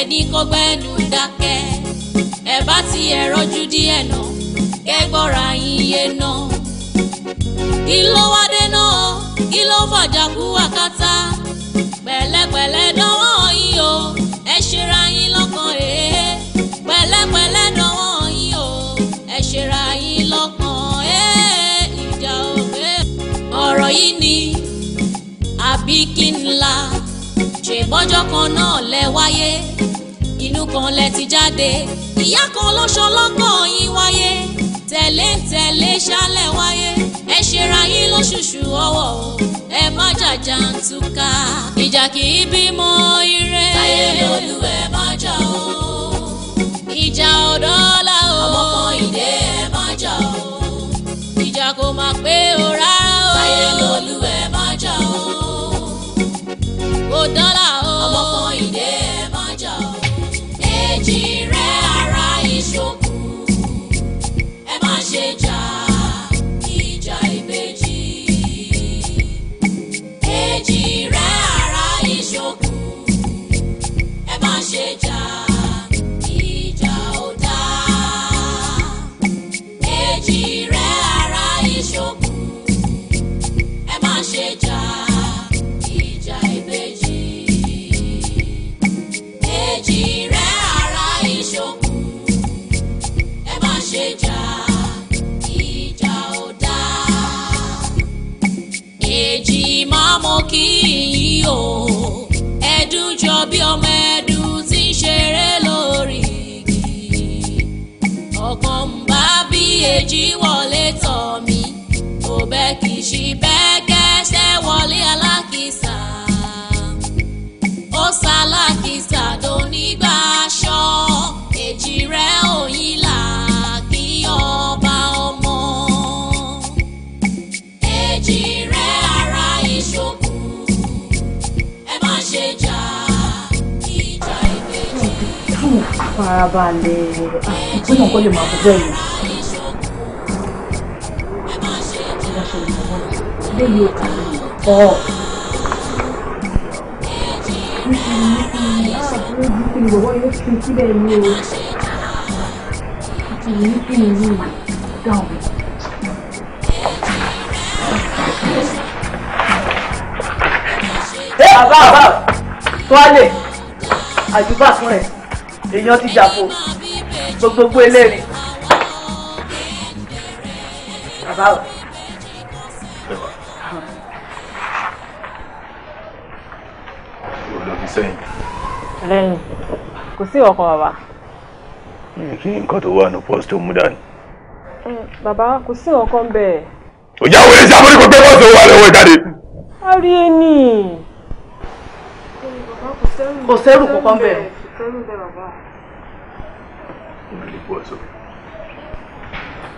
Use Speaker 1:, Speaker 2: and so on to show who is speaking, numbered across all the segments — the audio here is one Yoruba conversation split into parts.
Speaker 1: ẹni kó gbẹ́nu dákẹ́ ẹ bá ti ẹ̀rọ ju díẹ̀ náà kẹ́gbọ́ra yín yé náà. kí ló wá dé náà kí ló fàjà kú àkátá pẹ̀lẹ́pẹ̀lẹ́ dánwọ́ yín o ẹ ṣera yín lọ́kàn èé e. pẹ̀lẹ́pẹ̀lẹ́ dánwọ́ yín o ẹ ṣera yín lọ́kàn èé e. ìjà òwe. ọ̀rọ̀ yìí ni àbí kí n la ṣèbọ́jọ́ kan náà lẹ wáyé kan lẹ ti jáde ìyá kan ló ṣọlọ́kọ̀ yín wáyé tẹ̀lé tẹ̀lé ṣálẹ̀ wáyé ẹ ṣera yín lóṣùṣù ọwọ́ ẹ má jàjàǹtúkà ìjà kì í bímọ ire. táyé lólu ẹ má jà o. ìjà ọ̀dọ́ la o. ọmọ kan ìdè ẹ má jà o. ìjà kò máa pé o rárá o. táyé lólu ẹ má jà o. kò dọ́là.
Speaker 2: àbá àbá tó á lè àjùbà fún rẹ̀ èèyàn ti jàpò gbogbogbò eléèrè àbá ò. sẹ́yìn. lẹ́yìn kò sí ọkọ̀ bàbá.
Speaker 3: kí ni nǹkan tó wà ní pọ́s tó mú dání.
Speaker 2: bàbá kò sí ọkọ̀ ń bẹ̀. òjá wo ni sábà ní kò gbé pọ́s tó wà lọ́wọ́ ìjáde. a rí ẹni
Speaker 4: kò sẹ́rù kankan bẹ̀.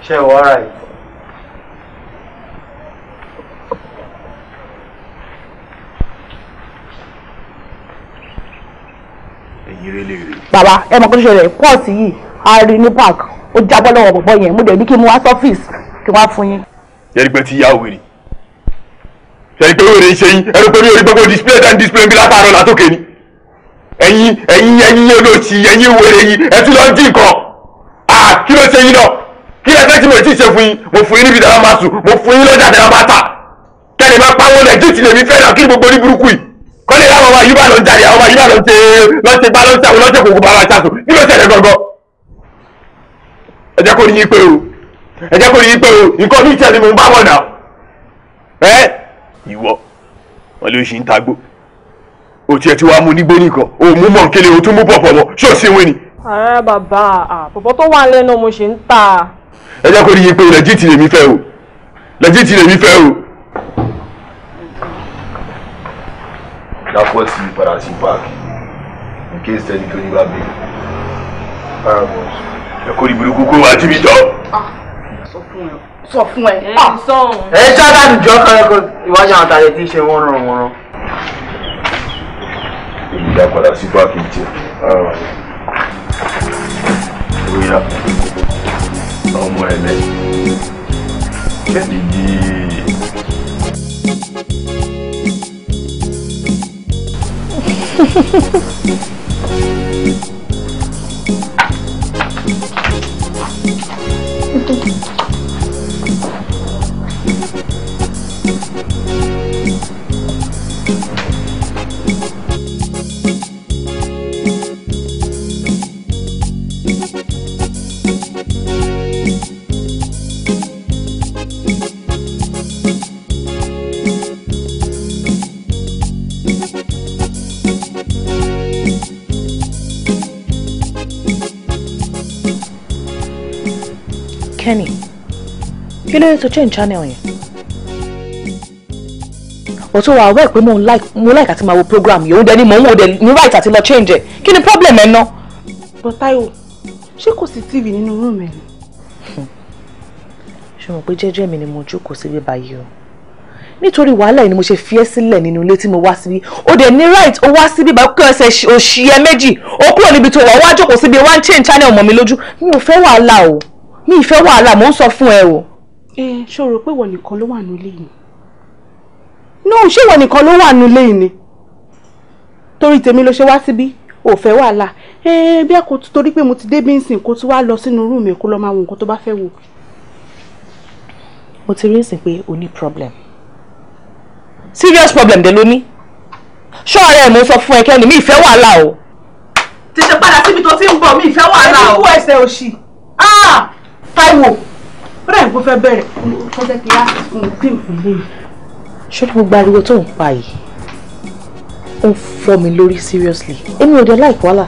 Speaker 4: ṣé ìwọ ara yìí.
Speaker 2: bàbá ẹ mọ̀ kó tó ṣẹlẹ̀ pọ́ọ̀tì yìí a rí ní park ó jábọ́ lọ́wọ́ bọ̀bọ́ yẹn mo dẹ̀ ní kí n mú wá sọ́fíìsì kí wọ́n á fún yín.
Speaker 3: yẹ́rì pé ti yá òwe ni yẹ́rì pé yóò rí iṣẹ́ yín ẹ̀rọ pé mi rí gbogbo display dan display bí látàárọ̀ látòkè ni ẹ̀yin ẹ̀yin ẹ̀yin olóòtú ẹ̀yin wèrè yìí ẹ ti lọ dín nǹkan kí ló ṣe yín náà kí ẹ fẹ́ tí mo ti ṣe fún yín mo fún yín níbi dára máa sùn mo fún yín lọ́jà dára máa tà kẹ́lẹ́ máa pawó lẹ́jìtì lèmi fẹ́ náà kí gbogbo ní burúkú yìí kọ́lé láwọn ọmọ yìí bá lọ ń jáde àwọn ọmọ yìí bá lọ ń ṣe lọ́ṣẹ bá lọ́ṣẹ àwọn lọ́ṣẹ kòkó bá wa ṣàṣùn kí ló ṣẹlẹ̀ gangan. ẹ jẹ́ kó yín pé o ẹ jẹ́ kó yín pé o nǹkan oníṣẹ́ ni mo ń bá wọ̀ náà. ẹ ìwọ wọn ló ṣì o tiẹ̀ ti wá mu nígbó nìkan o mú mọ̀ nkele o tún mú pọ̀pọ̀ mọ́ ṣé o sì wé ni.
Speaker 2: ààrẹ bàbá àpòpọ̀ tó wà lẹ́nu mo ṣe ń tà.
Speaker 3: ẹ jẹ́ kó yí pé lẹ́jìtì lèmi fẹ́ o lẹ́jìtì lèmi fẹ́ o. dápọ̀ sí padà sí páàkì in case tẹ́lẹ̀ tó ní bá bẹ̀ paramount ẹ kó ìbúrú kúkú wá jíbi jọ.
Speaker 2: sọ fún ẹ sọ fún ẹ.
Speaker 3: ẹ ṣáà dáàbò jọ kọ́lẹ́kọ́ ìwájú àwọn àtàlẹ́ tí ń ṣe wọ́n rán wọ́n rán èyí dá padà sí báàkì jẹ. bóyá ọmọ ẹ̀mẹ́
Speaker 4: kẹ́ni yìí. Thank you.
Speaker 2: Kenny kí ló dé tó change channel yẹn ọ̀tún wa awẹ́ pé mo like àti máa wo program yìí òun dẹ̀ ni mò ń right àti lọ change ẹ̀ kí ni problem ẹ̀ ná. bọ́ Táíwò ṣé kò sí tv nínú rúùmù ẹ̀ ni. ṣé mo pé jẹ́jẹ́ mi ni mo jókòó sí bí báyìí o nítorí wàhálà yìí ni mo ṣe fi ẹ́ sílẹ̀ nínú ilé tí mo wá síbí ó dẹ̀ right ó wá síbí bá kí ọ̀sẹ̀ òṣì ẹ méjì ó kúrò níbi tó wà ó wá jókòó síbi wá ń change channel mọ̀ mi lójú mi mi ìfẹ́ wàhálà mò ń sọ fún ẹ o. ẹ ṣó rò pé ìwọ nìkan ló wà nílé yìí. no ṣé ìwọ nìkan ló wà nílé yìí ni torí tèmi ló ṣe wá síbí ò fẹ́ wàhálà ẹ bí ẹ kò torí pé mo ti dé bínsìn kó tún wá lọ sínú rúùmù kó lọ máa wo nǹkan tó bá fẹ́ wò. mo ti rí ìsìn pé o ní problem serious problem dẹ̀ ló ní ṣọ́ọ̀rẹ́ ẹ̀ mo sọ fún ẹ kẹ́ni mi ìfẹ́ wàhálà o. ti ṣe padà síbi tó ti ń bọ̀ mi ìfẹ́ wàhálà o. ẹ kú ẹsẹ̀ òṣì. Táíwò ó dàbí kó fẹ́ bẹ̀rẹ̀ kó jẹ́ kí á pè fún mi. ṣọ́ni gbogbo ariwo tó ń pa yìí ó ń fọ́ mi lórí seriously èmi ò dé láìpẹ́ wàhálà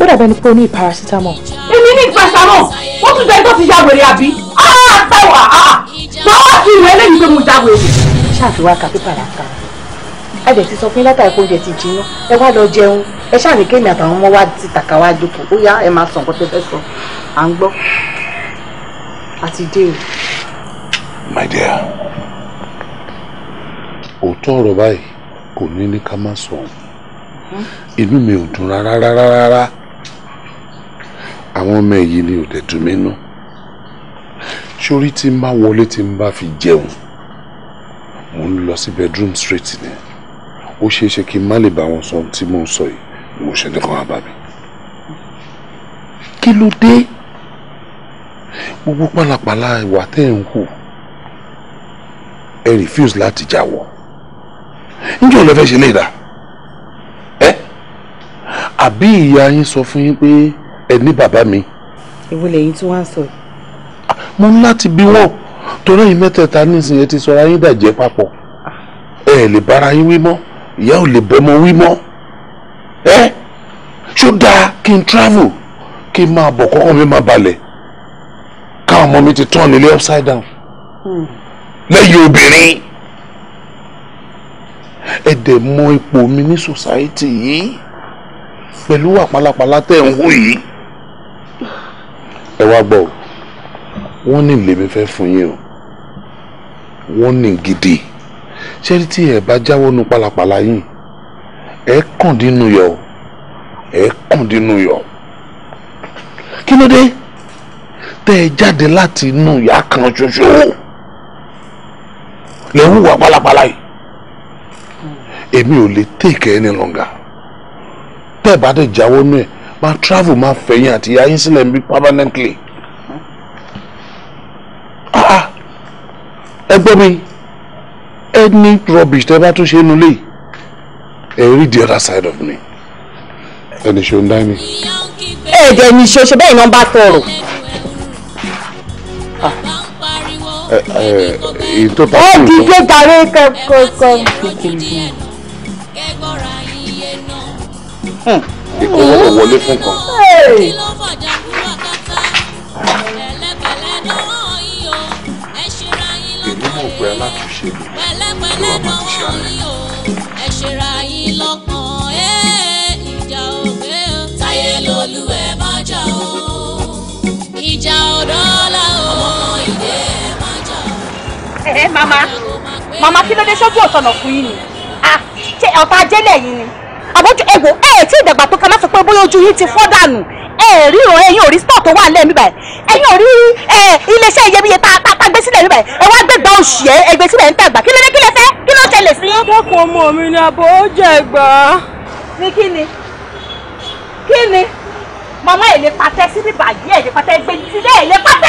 Speaker 2: ó dàbí ẹni pé o ní paracetamol. èmi ní paracetamol wọ́n tún jẹ́ ẹgbẹ́ ti yàgbèrè àbí ah, Táíwò tọ́wọ́ ah, ah. sí ìwé lẹ́yìn pé mo jáwèé. ṣáàfiwá kà pípà làkà ẹ dẹ̀ ti sọ fún lẹ́tà ẹ̀kọ́ oúnjẹ ti jiná ẹ wá lọ jẹun ẹ ṣáà ní kéèmì àtàwọn ọmọ wa ti tàkà wá jókòó ó yá ẹ máa sọ nǹkan tó fẹ́ sọ à ń gbọ́ àti dé
Speaker 3: my dear òótọ́ ọ̀rọ̀ báyìí kò ní ní ká má sọ ọ́n hmm? inú mi ò dùn rárá rárá rárá àwọn ọmọ èyí ni ò dẹ̀ dùn mí nù sórí tí n bá wọlé tí n bá fi jẹun mo ń lọ sí bedroom straight ni ó ṣeé ṣe kí n má lè bá wọn sọ ohun tí mò ń sọ yìí mo ṣe nìkan àbá mi kí ló dé. Mm -hmm gbogbo pálapàla ìwà tẹ́ ẹ̀ ń hù ẹ refuse láti jáwọ́ níjẹ́ ò lè fẹ́ ṣe lè dà ẹ́ àbí ìyá yín sọ fún yín pé ẹ ní bàbá mi.
Speaker 2: èwo lẹ́yìn tí wọ́n á sọ. mo ní láti bí wọ́n
Speaker 3: torí ẹ̀yin mẹ́tẹ̀ẹ̀ta nísìnyẹn ti sọra yín dàjẹ́ papọ̀ ẹ ẹ̀ lè bára yín wí mọ́ ìyá ò lè bọ́mọ wí mọ́ ẹ́ ṣó dáa kí n travel kí n máa bọ̀ kọ́kọ́ mi máa balẹ̀ káwọn ọmọ mi ti turn ilé upside down hmm. lẹ́yìn obìnrin ẹ dẹ̀ mọ ipò mi ní society yìí pẹ̀lú wà pálapàla tẹ̀ ń hù yìí ẹ wá gbọ́ wọ́n ní lèmi fẹ́ fún yín o wọ́n ní gidi ṣé tí ẹ bá jáwọ́ nu pálapàla yìí ẹ kàn dínú yọ ẹ kàn dínú yọ kí ló dé tẹ́ ẹ jáde láti inú ìyá kan ṣoṣo lè hùwà pálapàla yìí èmi ò lè take any longer tẹ́ ẹ bá dẹ̀ jáwọ́ nú máa travel máa fẹ̀yìn àti ìyá yín sílẹ̀ ń bí permanently ah, ah. ẹgbẹ́ mi any rubbish tẹ́ bá tún ṣe nulẹ̀ yìí ẹ rí the other side of me ẹni ṣe ń dá mi.
Speaker 2: ẹ̀ẹ́dẹ̀ ni ṣe ṣe bẹ́ẹ̀ ni wọ́n bá tọrọ
Speaker 3: èyí tó bá kú. ó dìde
Speaker 2: tàrí kọ̀ọ̀kan.
Speaker 4: Hmm.
Speaker 3: ìkọ́wọ́ ló wọlé fún kan.
Speaker 4: èmi mọ̀ pé aláṣẹ ló wà máa
Speaker 1: ṣe àárẹ̀. ìjà odò. ẹ eh, màmá màmá kí ló dé
Speaker 2: sójú òtọ̀nà fún yín ni ah, ṣé ọ̀tá ajẹ́lẹ̀ yín ni àbójú ẹ̀gbọ́n ẹ̀ tí ìdàgbà tó ká má pé bóyá ojú yín ti fọ́ dànù ẹ ríran ẹ̀yin ò rí store tó wà lẹ́ẹ̀mí báyìí ẹ̀yin ò rí iléeṣẹ́ iyebíye tá a gbé sílẹ̀ níbàyìí ẹ wá gbẹ̀gbà oṣù ẹ ẹgbẹ́ sílẹ̀ ń tàgbà kí ló dé kí lẹ fẹ́ kí ló tẹ̀lé sí. akẹ́kọ̀ọ́ ọmọ mi ni àbò ó jẹ ìgbà. ní kí ni kí ni màmá ẹ̀ síbí bàjẹ́ ẹ̀ gbèjì sílẹ̀ ẹ̀ lè pàtẹ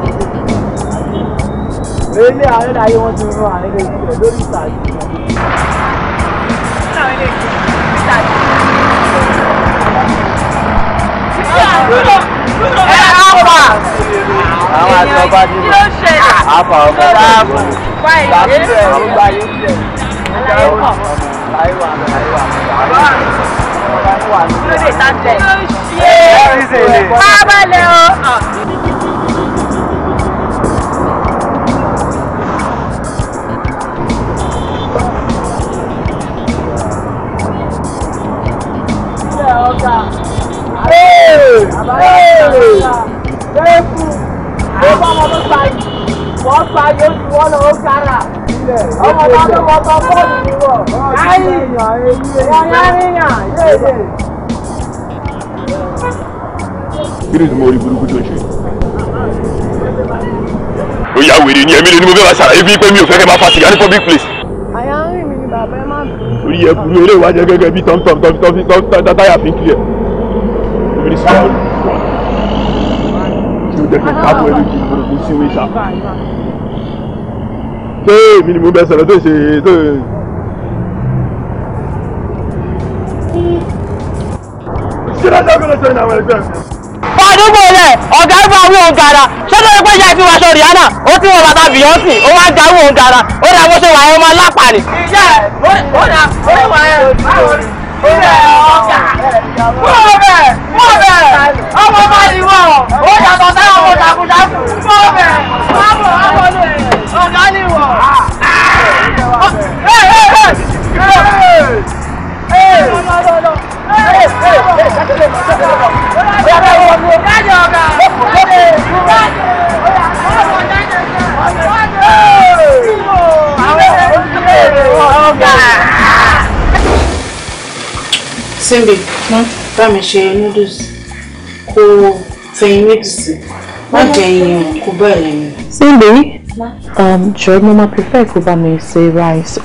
Speaker 2: ilé àárẹ̀ láyé wọ́n ti rán àárẹ̀ lè gbẹ̀ lórí ìtàgé.
Speaker 4: àwọn àtọ́gbá ní àpà ọmọ báàbò ṣàfihàn ọgbà yìí jẹ ọgbà yìí wà láyé wà láyé wà
Speaker 2: láyé wà lóde tá tẹ. bá a bá lẹ o. ọ̀pá yóò wọ́n lọ́wọ́ kára. ọmọ náà ló mọ tán bọ́ọ̀lù níwọ̀. láyì
Speaker 1: yànyànyàn
Speaker 2: yéèyè.
Speaker 3: kí ni mo rí burúkú tó ṣe. ó yà wèrè ní ẹ̀mí lé mo fẹ́ máa ṣàlàyé bíi pé mi ò fẹ́ kẹ́ máa fa sìgá ní public place. àyà ń rìn mí ni bàbá ẹ má bì. orí ẹ kúrú eré ìwádìí gẹ́gẹ́ bíi tọ́mtọ́m tọ́mtọ́m táyà fi ń kílẹ̀. obìnrin sọ̀rọ̀ ló jẹ́ kí n kábọ̀ ẹ̀rọ ìgbìmọ̀ burúkú sí wíṣà ṣé èmi ni mo bẹ sọ̀rọ̀ tó ṣe tó.
Speaker 2: pàdé gbòòlẹ̀ ọ̀gá ń bá àwọn òun gara ṣé tó yẹ pé ìyá ìfi wàṣọ Rihanna ó ti wọn bàtà Beyonce ó wá ń ga àwọn òun gara ó dà bó ṣe wà ẹ́ ọmọ alápá ni. ìyá ẹ̀ ó
Speaker 1: dà ó wà
Speaker 2: ẹ́ báwo ni ilé ọ̀gá
Speaker 4: wọ́n bẹ̀
Speaker 2: ọmọ bá ní wọ́n ó yàtọ̀ sáwọn ọmọ takuntakun wọ́n bẹ̀ báwo ọmọ lè ọ̀dálì Simbi, bá ṣe noodles kó fẹ̀yìn méjì sí, má jẹ́ iyan kó bẹ́ẹ̀ lẹ́yìn.
Speaker 4: Simbi.
Speaker 2: Um, jọ̀ọ́ Mama prefer kó bá mi rice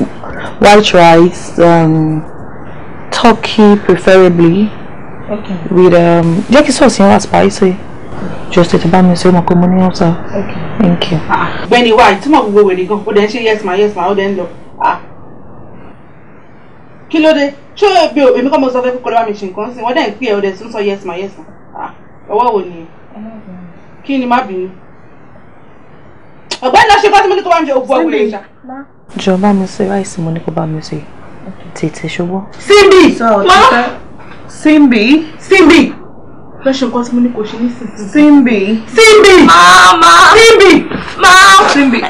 Speaker 2: white rice um, turkey preferably okay. with um, jẹ́ sauce yẹn wà spicy just tètè bá mi ṣe ọmọ kó mo ní ọ̀sán. thank you. bẹ́ẹ̀ni wá ìtumọ̀ gbogbo wèrè gan ó dẹ̀ ń ṣe yes ma yes ma Oh then ń Ah. kí ló dé ṣé ebi ò èmi kọ́ mo sọ fẹ́ kókó lọ́wọ́ mi ṣe nǹkan sí wọ́n yes ma yes ma Ah. wo ni kí ni má bínú ọ̀gbẹ́ni lọ ṣe mo ní kó bá mi ṣe ògbó ọ̀wé ìṣá. jọ̀ọ́ mi ṣe ráìsì mo ní kó bá mi ṣe tètè ṣubú. Simbi mọ Simbi Simbi lọ ṣe nǹkan mo ní kó ṣe nísinsìnyí. Simbi Simbi mama Simbi mama Simbi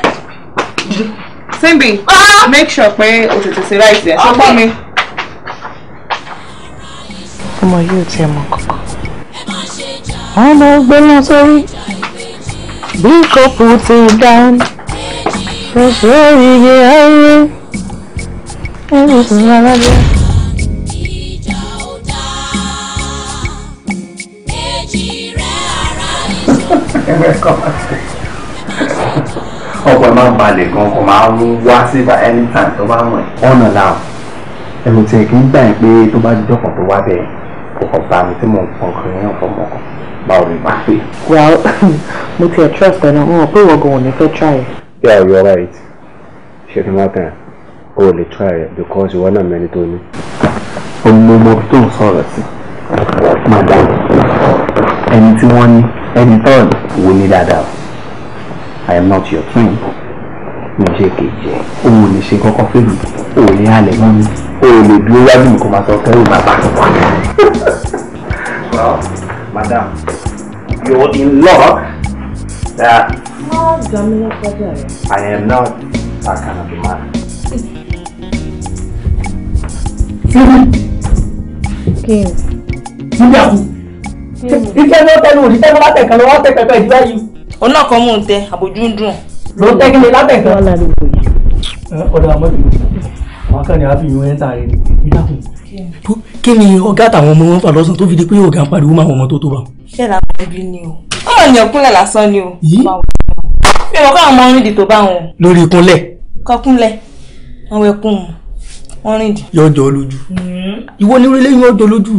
Speaker 2: Simbi make sure pé o tètè ṣe ráìsì ẹ̀ ṣọ́gbọ́n mi. ọmọ yóò tiẹ̀ mọ kankan.
Speaker 4: àwọn ọmọ gbẹ́ náà sórí biko putidani ushoige awe ebusinalaja
Speaker 3: ọkọ̀ máa ń balẹ̀ gan kò máa ń wá síta anytime tó bá wọ̀n. ọ̀nà náà ẹ̀rù tiẹ̀ kì í gbà yín pé tó bá dọ̀kọ̀ tó wá bẹ̀ kò kọ̀ bá mi tí mò ń pọ̀n kiri ní ọ̀pọ̀ mọ́kàn báwo ni màá fi.
Speaker 2: well mo tiẹ̀ trust ẹ̀ náà wọn pé ìwọ̀gàn ò ní fẹ́ try.
Speaker 3: yeah you are right ṣe fi máa tẹ̀yàn o ò lè try rẹ̀ because ìwọ náà mẹ́ni tó ní. ọmọ ọmọ tó ń sọ̀rọ̀ sí madam ẹni tí wọ́n ní ẹni tọ́ọ̀nù wo ní dáadáa i am not your friend mo ṣe kejì ẹ o ò lè ṣe kọ́kọ́ fèlú o ò ní halẹ̀ mọ́ mi o ò lè dúró wájú mi kó máa sọ kẹ́rù bàbá.
Speaker 2: madam You're in-law that... I am not that kind of a man.
Speaker 4: Kí ni? Kí ni àkú? Ike
Speaker 2: ní ó tẹnu òdì tẹ́gbọ́n látẹ̀kan lọ́wọ́ tẹ́pẹ́pẹ́ ìdílé yìí. Onákan mú un tẹ, àbójú ń dùn. Ló tẹ́ kí ni látẹ̀kan? Wọ́n lálẹ́ òye. Ọ̀dọ̀ àmọ́ ìlú. Àwọn kan ní àbí ìwé ń tààrí ní ìdáhùn kí ni ọ̀gá àtàwọn ọmọ wọn fà lọ́sàn tó fi di pé ọ̀gá ń pariwo máa wọn ọmọ tó tó bá wọn. ṣé làwọn ẹbí ni o ọmọ ènìyàn kúnlẹ̀ lásán ni o. mi ò mọ̀ káwọn ọmọ orin dì tó bá wọn. lórí ìkúnlẹ̀. kọkúnlẹ̀ àwọn ẹkún wọn rìn dì. yọjọ
Speaker 3: lójú. Hmm. ìwọ ni orílẹ̀ yìí yọjọ lójú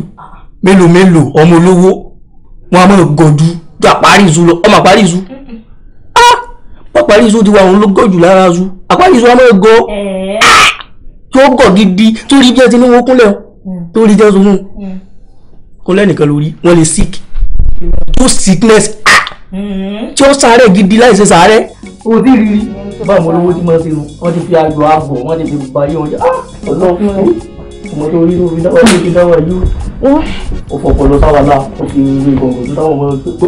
Speaker 3: mélòó mélòó ọmọ olówó wọn a
Speaker 2: máa gọjú ju àpárí ìṣú lọ ọmọ àpárí ìṣú àpárí ìṣú ti wà òun ló gọ̀jù lára zu àpárí ìṣú a máa gọ ah! yóò gọ̀ gidi torí bí ẹ ti ní wọn kúnlẹ̀ o. Mm. tó rí jẹ́ sọ́fún mm. kó lẹ́nìkan lórí wọ́n lè sick tó sickness mm-hmm. tí ó sáré gidi láì ṣe sáré. o ti rí i bá àwọn olówó tí wọ́n ti rù wọ́n ti fi àgbò àgbò wọ́n ti fi bàyí wọn jẹ́ ọlọ́run mm. ọmọ tó rí omi náà wọ́n ti dáwọ́ yú
Speaker 3: ó fọ̀pọ̀ lọ sáwà náà ó ti rí gbọ̀ngàn tó táwọn
Speaker 2: ọmọ tó tó.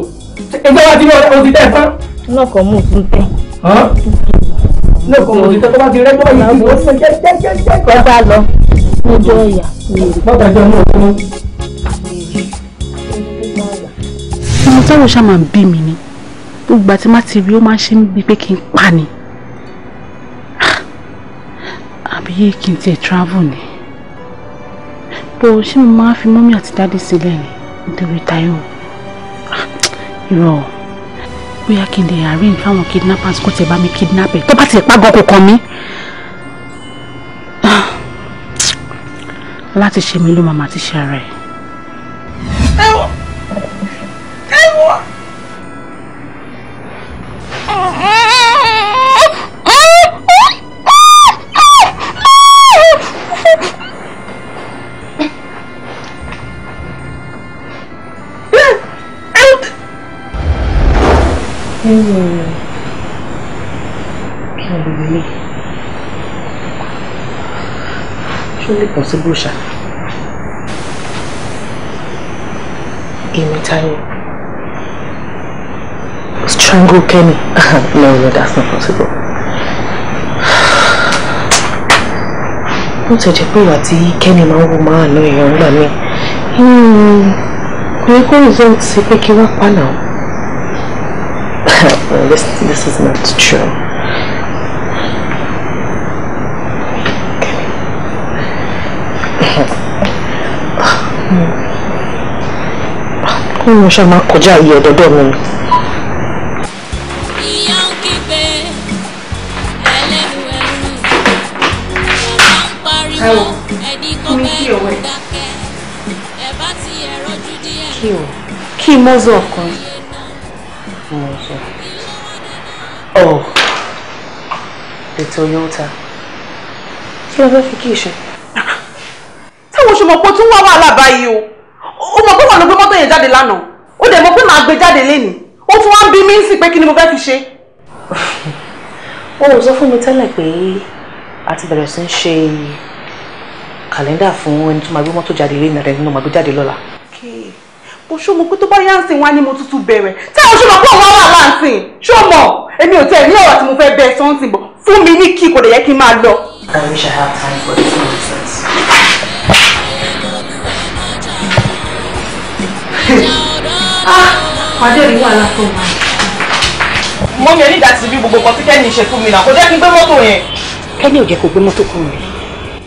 Speaker 2: ẹgbẹ́ wa ti rí o ti tẹ̀ fún. lọ́kọ̀ mú un tẹ̀. lọ́kọ̀ mú un tẹ̀ tó bá ti rẹ́ tó bá yí kí wọ́n ti tẹ̀ tẹ̀ tẹ̀ lọ́jọ́ ọ̀yà mi ò rí. bàbá ìjọ náà kú. ọmọ tọrọ ṣá máa ń bí mi ni gbogbo àti má ti rí ó máa ń ṣe mí bíi pé kí n pa ni àbí kí n tiẹ̀ travel ni bó ṣé mo máa fi mọ́mí àti dáàdì sílẹ̀ ni nítorí Táíwò irọ́ bóyá kí n lè arrange fáwọn kidnappers kó tiẹ̀ bá mi kidnap ẹ̀ tó bá tiẹ̀ pàgọ́ kò kàn láti ṣe mí ló máa ti ṣe ara ẹ̀. àti bùṣà èmi Táyọ̀ strangle Kenny no no that's not possible. ó ti you pé ìwà tí Kenny máa ń wò máa lọ èèyàn gbà mí hmm, kò yẹ kó result sí pé kí this this is not true. ó ní ọṣẹ máa kọjá
Speaker 4: iye ọ̀dọ́dọ́ mi.
Speaker 1: Táíwò kí ọwọ́ ẹ̀. Kí o kí mọ́zọ̀
Speaker 2: kan. Oh, the Toyota. Kí ló fẹ́ fi kí ìṣe? Ah, táwọn ṣe mọ̀ pé tún wá wàhálà báyìí o jáde lánàá ó dẹ̀ mọ̀ pé màá gbé jáde lénìí ó tún wá ń bí mi ń pé kí ni mo fẹ́ fi ṣe. o ò sọ fún mi tẹ́lẹ̀ pé a ti bẹ̀rẹ̀ sí ń ṣe kàlẹ́ndà fún ẹni tó máa gbé mọ́tò jáde lénìí rẹ̀ nínú máa gbé jáde lọ́la. bó ṣó mo pé tó bá yá ń sìn wá ni mo tuntun bẹ̀rẹ̀ tí àwọn ṣùgbọ́n pọ̀ wọ́n wà láǹsìn ṣó mọ̀ èmi ò tẹ̀ ní ọ̀rọ̀ tí mo fẹ́ bẹ́ẹ̀ sọ́ǹsìn bọ̀ fún mi ní kí kò dẹ̀ yẹ kí n máa lọ.
Speaker 4: I wish I had time for this. Ah,
Speaker 2: pàdé rí wàhálà tó wà. mo ní ẹni dàtí bí gbogbo kan tí kẹ́ni ṣe fún mi náà kò jẹ́ kí n gbé mọ́tò yẹn. kẹ́ni ò jẹ́ kó gbé mọ́tò kúrò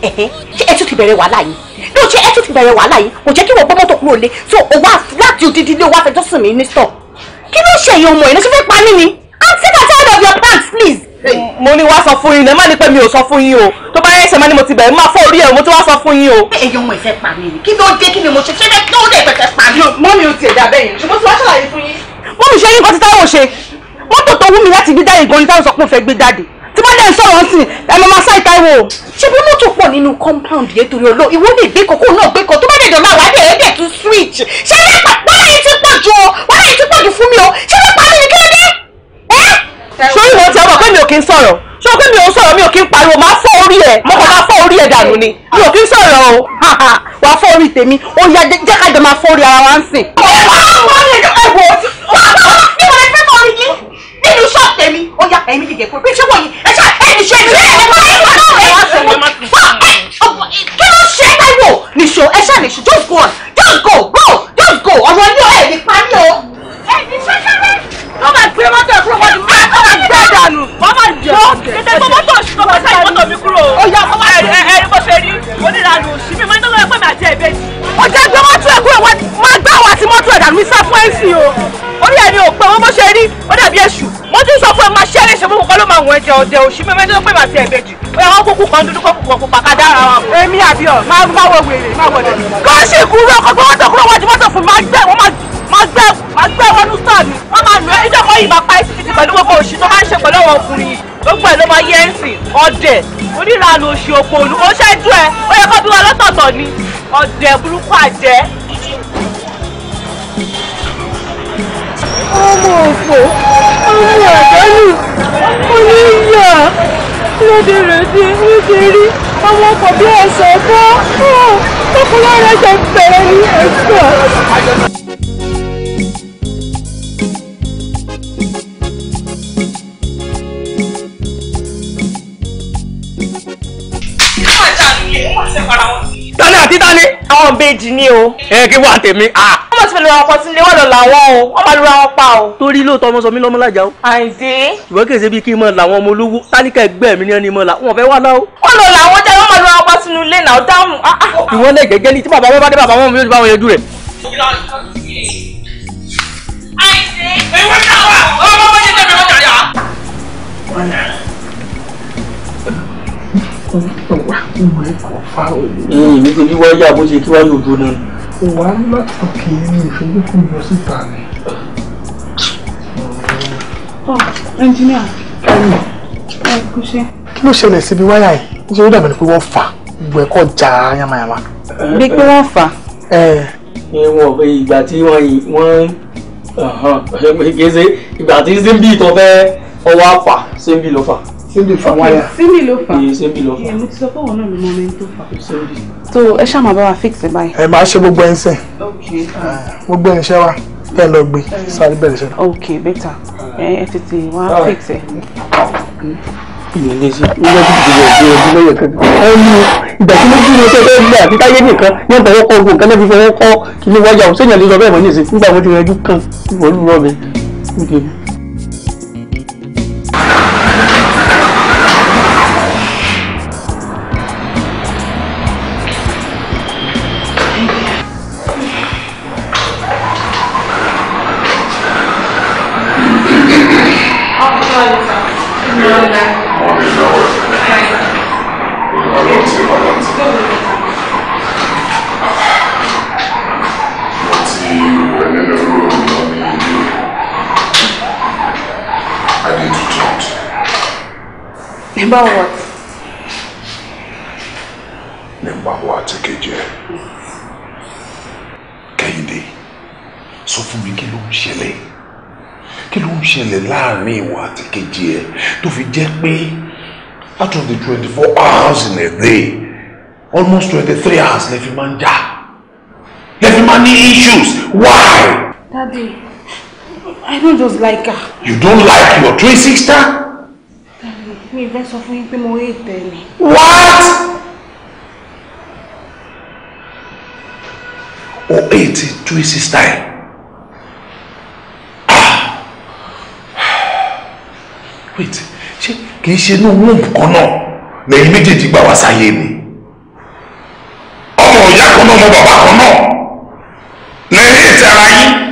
Speaker 2: rẹ̀ ṣé ẹ tún ti bẹ̀rẹ̀ wàhálà yìí ní o ṣe ẹ tún ti bẹ̀rẹ̀ wàhálà yìí kò jẹ́ kí wọ́n gbé mọ́tò kúrò lé so òwa láti odidi ilé wa fẹjọ́ sùn mí ní stọ̀ kí ló ṣe èyí ọmọ yìí ní sọ fẹ́ pa mí ni. I'm sick and tired of your pranks please.
Speaker 4: Money was wá sọ fún yín ẹ má ní pé mi ò
Speaker 2: sọ fún yín o tó bá yẹn ṣe má ní mo ti bẹ̀rẹ̀ máa fọ́ orí ẹ̀ mo ti wá sọ fún yín o. èyí ọmọ ìfẹ́ pa mí ni kí ló dé kí ni mo ṣe ṣé bẹ́ẹ̀ ló dé pẹ̀tẹ̀ pa mí. mọ mi ò tiẹ̀ dà bẹ́ẹ̀ yẹn ṣùgbọ́n tí wọ́n ṣàlàyé fún yín. wọ́n mi ṣe yín kan tí táwọn ṣe mọ́tò tó wú mi láti gbé jáde gan ni táwọn compound yẹn torí olóò ìwọ lè gbé kókó náà gbé kan tó bá dẹ̀dọ̀ máa wá Why ẹ́ dẹ̀ tún switch. ṣé ẹ lè pa wọ́n láyé ti pọ̀ jù ọ́ wọ́n láyé ti pọ̀ me? fún mi o ṣé going to pa mí ṣé ìwọ ti ọmọ pé mi ò kí ń sọ̀rọ̀ ṣé o pé mi ò ń sọ̀rọ̀ mi ò kí ń pariwo máa fọ́ orí ẹ̀ mo kàn máa fọ́ orí ẹ̀ dànù ni mi ò kí ń sọ̀rọ̀ o wà á fọ́ orí tèmi ó yá jẹ́ ká jọ máa fọ́ orí ara wa ń sìn. nínú ṣọ́ọ̀bù tèmi ó yá ẹ̀mí dìde pé ṣé wọ̀nyí ẹ ṣá ẹ ní ṣe ìṣe ẹ wọ́n yí wọ́n náà ẹ̀ wá sọ̀rọ̀ kí ló ṣe é báyìí wò nìṣó ẹ ṣá nìṣó just go on just go go just go ọ̀rọ̀ yóò ẹ̀ ní parí wọ́n máa gbé mọ́tò kúrò wọ́n máa wọ́n máa gbé dànù wọ́n máa jọ tètè gbọ́ mọ́tò ṣùgbọ́n pé sáyẹn mọ́tò mi kúrò ó yà wọ́n máa ẹ ẹ bó ṣe rí oníranù sí mi máa ń tọ́jú ẹgbẹ́ mi àti ẹ̀bẹ́ jì. ó máa gbá àwọn àti ṣe kúrò kọ́kọ́ mọ́tò kúrò wájú mọ́tò fún mi máa gbẹ wọ́n máa máa gbẹ́ máa gbẹ́ wọnú sọ mi wọ́n máa nù ẹ́ ìjọ onílànà òṣì òpònú ó ṣe ó yẹ kó bí wọn lọ́tọ̀ọ̀tọ̀ ni ọ̀dẹ̀ burúkú àjẹ́. ọmọ òpó ọmọ àdánù oníyà lóde rèdí lóde rí ọmọ ọkọ̀ bí ọ̀sẹ̀ kọ́
Speaker 4: ọkùnrin rẹ̀ ṣe bẹ̀rẹ̀ ní ẹ̀sìn.
Speaker 2: tani àti tani. àwọn ìbejì ni o. ẹ kí wàá tèmi. wọ́n mọ̀ sí pẹ̀lú àwọn ọkọ̀ sílé wọ́n lọ làwọn o wọ́n máa lu àwọn pa o. torí lóòótọ́ ọmọ sọ mí lọ́mọ lájà o. àìsí. ìwọ kèsè bíi kí n mọ làwọn ọmọ olówó táníkà ẹgbẹ́ mi ní ẹni mọ là wọn fẹ́ wá náà o. wọ́n lọ làwọn jẹ́ wọ́n máa lu àwọn pa sínú ilé náà dáhùn. Ah, ah. ìwọ náà gẹ́gẹ́ ni tí bàbá wọn bá dé bàbá wọn mi yóò bá wọn yẹjú rẹ̀.
Speaker 4: àìsí.
Speaker 2: ìwọ fún ọ̀wà kí wọ́n kọ̀ fa òye. èmi ti
Speaker 3: bí wáyà bó ṣe kí wáyà òjò náà. ọ̀wà látọ̀ kì í ní ìṣojú kù yọ síta ni.
Speaker 2: ọ oh, ẹnjìníà ẹ kú ṣe. kí ló ṣẹlẹ̀ síbi wáyà yìí nítorí dàbí ni pé wọ́n fà gbogbo ẹ̀kọ́ já yamayama. bí pé wọ́n fà. ìwọ̀n ìgbà tí wọ́n
Speaker 3: kì í ìgbà tí ń ṣe fẹ́ ọwọ́ àpà ṣe ló fà síbi fa wáyà. síbi ló fa síbi ló
Speaker 2: fa mo ti sọ fún òun náà mi mọ ẹni tó okay so ẹ ṣáà máa bá wa fix ẹ báyìí.
Speaker 4: ẹ máa ṣe gbogbo ẹni sẹ ah,
Speaker 2: ah. gbogbo ẹni iṣẹ́ wa ẹ lọ gbé eh. sáré bẹ̀rẹ̀ iṣẹ́. ok better
Speaker 4: ẹ tètè wá ah. fix ẹ. ìyẹnlẹsí ń gbọ́dọ̀ ìdílé
Speaker 3: ìdílé ìdílé yẹn kan ẹ mú ìgbà tí mo bí mo tẹ́lẹ̀ gbé àti táyé nìkan ní ọ̀tọ̀ ọkọ̀ ogun kan náà fi fọwọ́ kọ́ kí ni wáyà òṣèyàn lè sọ bẹ́ẹ̀ mọ́ nísìnyí nígbà mo ti rẹ̀ ẹjú kan ìwọ́lú rọ̀ mi. Number what? Number what kejì ẹ̀? so sọ fún mi kí ló ń ṣẹlẹ̀? Kí ló ń ṣẹlẹ̀ fi jẹ́ pé out of the 24 hours in a day, almost 23 hours lè fi máa ń jà? Lè issues? Why?
Speaker 4: Daddy,
Speaker 2: I don't just like her.
Speaker 3: You don't like your twin
Speaker 2: sister? mi fẹ́ sọ fún yín pé mo rí ìtẹ́ ni. what.
Speaker 3: o eighty two six nine. wait ṣé kì í ṣe inú womb kan náà lẹ́yìn méjèèjì gbà wá sáyé ni
Speaker 4: ọmọ ìyá kan náà ọmọ bàbá kan náà lẹ́yìn ètè ara yín.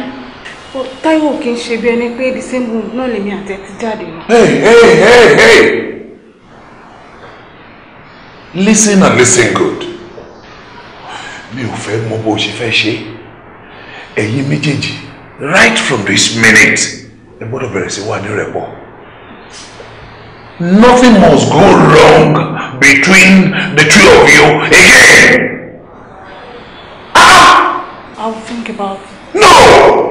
Speaker 2: Táíwò kì í ṣe bí ẹni pé the same room náà lèmi àti ẹ ti jáde lọ.
Speaker 4: Hey, hey, hey, hey!
Speaker 3: Listen and listen good. Mi ò fẹ́ mọ bó ṣe fẹ́ ṣe. Ẹ̀yin méjèèjì right from this minute ẹ gbọ́dọ̀ bẹ̀rẹ̀ sí wà ní rẹ̀pọ̀. Nothing must go wrong between the two of you again.
Speaker 4: Ah! I'll think about it. No!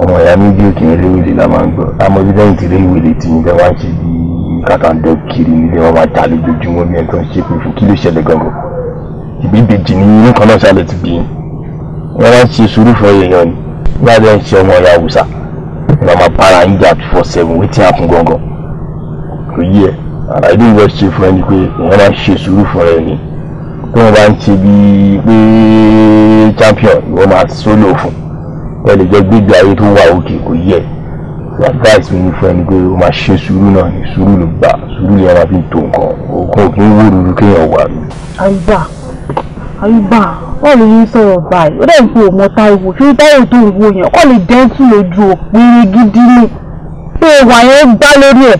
Speaker 3: ọmọ ìyá méjì òkè ilé ìwé la máa ń gbọ́ amọ̀bí lẹ́yìn tí ilé ìwé lè ti níbẹ̀ wá ń ṣe bí kàtàǹdọ̀ kiri nílé wọn máa jalè lójúmọ́ ní ẹ̀tọ́ ṣe pé fún kí ló ṣẹlẹ̀ gangan ìbí ìbejì ní inú kan náà ṣàlẹ̀ ti bí wọn máa ń ṣe sùúrù fún èèyàn ni wọn á ń ṣe ọmọ ìyá Haúsá wọn máa para ń jà for seven wetin happen gangan kò yí ẹ ara ilé ìwọ ṣe fún ẹni pé wọn máa ń ṣe sùúrù fún ẹ ni tó wọn bá ń ṣe bíi pé champion ìwọ máa sólò fún tẹ́lẹ̀ jẹ́ gbígbé ayé tó ń wà òkè kò yẹ advice mi ni fún ẹni pé o máa ṣe sùúrù náà ni sùúrù ló gbà sùúrù lè máa fi tó nǹkan oògùn òkè ń wò lóru kéèyàn wà mí.
Speaker 2: àyùbá àyùbá wọn lè yín sọ̀rọ̀ báyìí ó dẹ̀ ń pe òmò táìwò ṣé táìwò tó ń wo yẹn kọ́ lè dẹ́ńtù lójú òpin gidi ni pé ìwà yẹn gbá lórí ẹ̀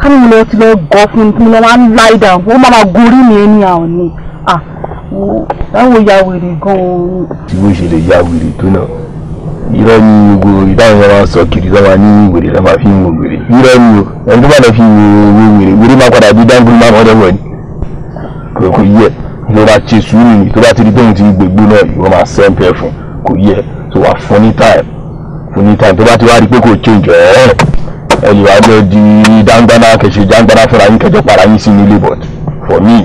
Speaker 2: kánú mi lọ ti lọ gọ́ fún mi lọ máa ń láì dà ó máa máa gorí mi ẹni àwọn ni ah táwọn ya wèrè gan-an.
Speaker 3: tí wọ́n ṣe lè ya wèrè tó náà irọ́ ni gbogbo ìdáhùn yẹn máa ń sọ kiri lọ́wọ́ ní wèrè lọ́ máa fi ń wo wèrè irọ́ ni o ẹni tó bá lọ fi wo wèrè wèrè máa padà bí dáńgúrú máa mọ́ dẹ́wọ̀ ni kò yẹ ló bá ni tó bá ti di tóun ti gbègbó náà ìwọ máa sẹ́ńpẹ́ fún kò yẹ tó wà fún ní táìm fún ní táìm tó ti wá rí pé kò change ẹ̀ ẹni wàá jọ di dáńgbáná kẹsẹ̀ dáńgbáná fúnra yín kẹjọ para yín sí nílé but for me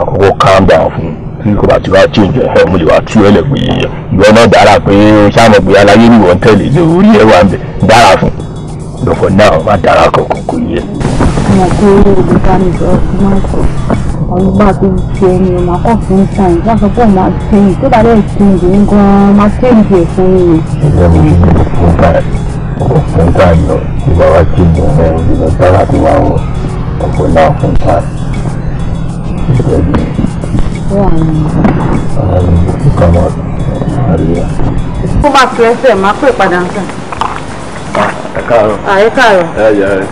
Speaker 3: àkọ́kọ́ calm down fún kò bá ti bá change ẹ̀ mo lè wá tú ẹ lẹ́gbẹ̀ẹ́ yẹn ìwọ náà dára pé o ṣáàmù aláyé ni wọ́n tẹ̀lé ní orí ẹ̀ wà ń bẹ̀ dára fún lọ́fọ̀ náà má dára kankan kò yẹ.
Speaker 2: mo kí olùdámẹ́jọ máa sọ ọlọ́gbà tó ti ẹni ọmọ akọ́fún tán ìjà sọ pé ọmọ àtẹ̀yìn tó bá dẹ̀ ti ìdè ń gan máa tẹ̀lé ẹ̀ fún mi. ẹgbẹ́
Speaker 3: mi ní ọ̀fun táyì ọ̀fun táyì ọ̀ ìbá wa ti ìdè mẹ́rin ìdè dára ti wá wọ̀
Speaker 4: ọ̀fun náà ọ̀fun táyì. Where are
Speaker 2: you? Um,
Speaker 4: you come out. Àríyá.
Speaker 2: Kó bá fi ẹsẹ̀ máa pè padà ń sàn.
Speaker 3: Ẹ káàárọ̀. Ẹ káàárọ̀. Ẹ yà ẹ.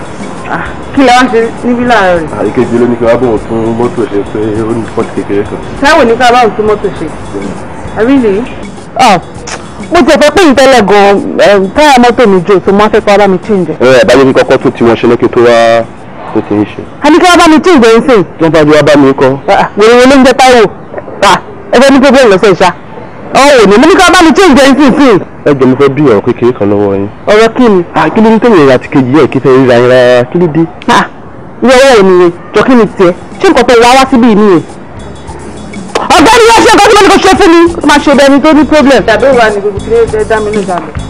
Speaker 2: Kí lẹ wá ṣe níbí láàárọ̀ rẹ̀?
Speaker 3: Àríkejì ló ní kí wá bóun tún mọ́tò ṣe pé ó ní pọ́ọ̀tì kékeré kan.
Speaker 2: Táwo ní ká báwọn tún mọ́tò ṣe? Àrílè. Mo ti fẹ́ pé ìtẹ́lẹ̀ gan-an táyà mọ́tò mi jò tó máa fẹ́ pa bá mi chíǹjẹ.
Speaker 3: Ẹ bá yẹ kí kọ́kọ́ tún tiwọn ṣe lókè tó wá
Speaker 4: ó ti ń ṣe.
Speaker 2: a ní kí wọ́n bá mi tún ìgbẹ́ ń sìn. tó ń bá di wá bá mi kọ́. Ah, wèrè wo ló ń jẹ táwò ah, ẹgbẹ́ ní gbogbo ìlọ́sẹ̀ ìṣá ọ̀hún òní mo ní kí wọ́n bá mi tún ìgbẹ́ ń sìn sí. ẹ jẹ́ mo fẹ́ bí
Speaker 3: ọ̀rọ̀ kékeré kan lọ́wọ́ yín. ọ̀rọ̀ kí ni. Ah, kí ló ń tẹ̀lé ìrà àti kejì ẹ̀ kí fẹ́ ríra ẹ̀ rárá kí ló dé.
Speaker 2: ìwé owó mi yẹn jọ kí ni tiẹ̀ ṣé nǹkan tó wá wá síbí mi ni tó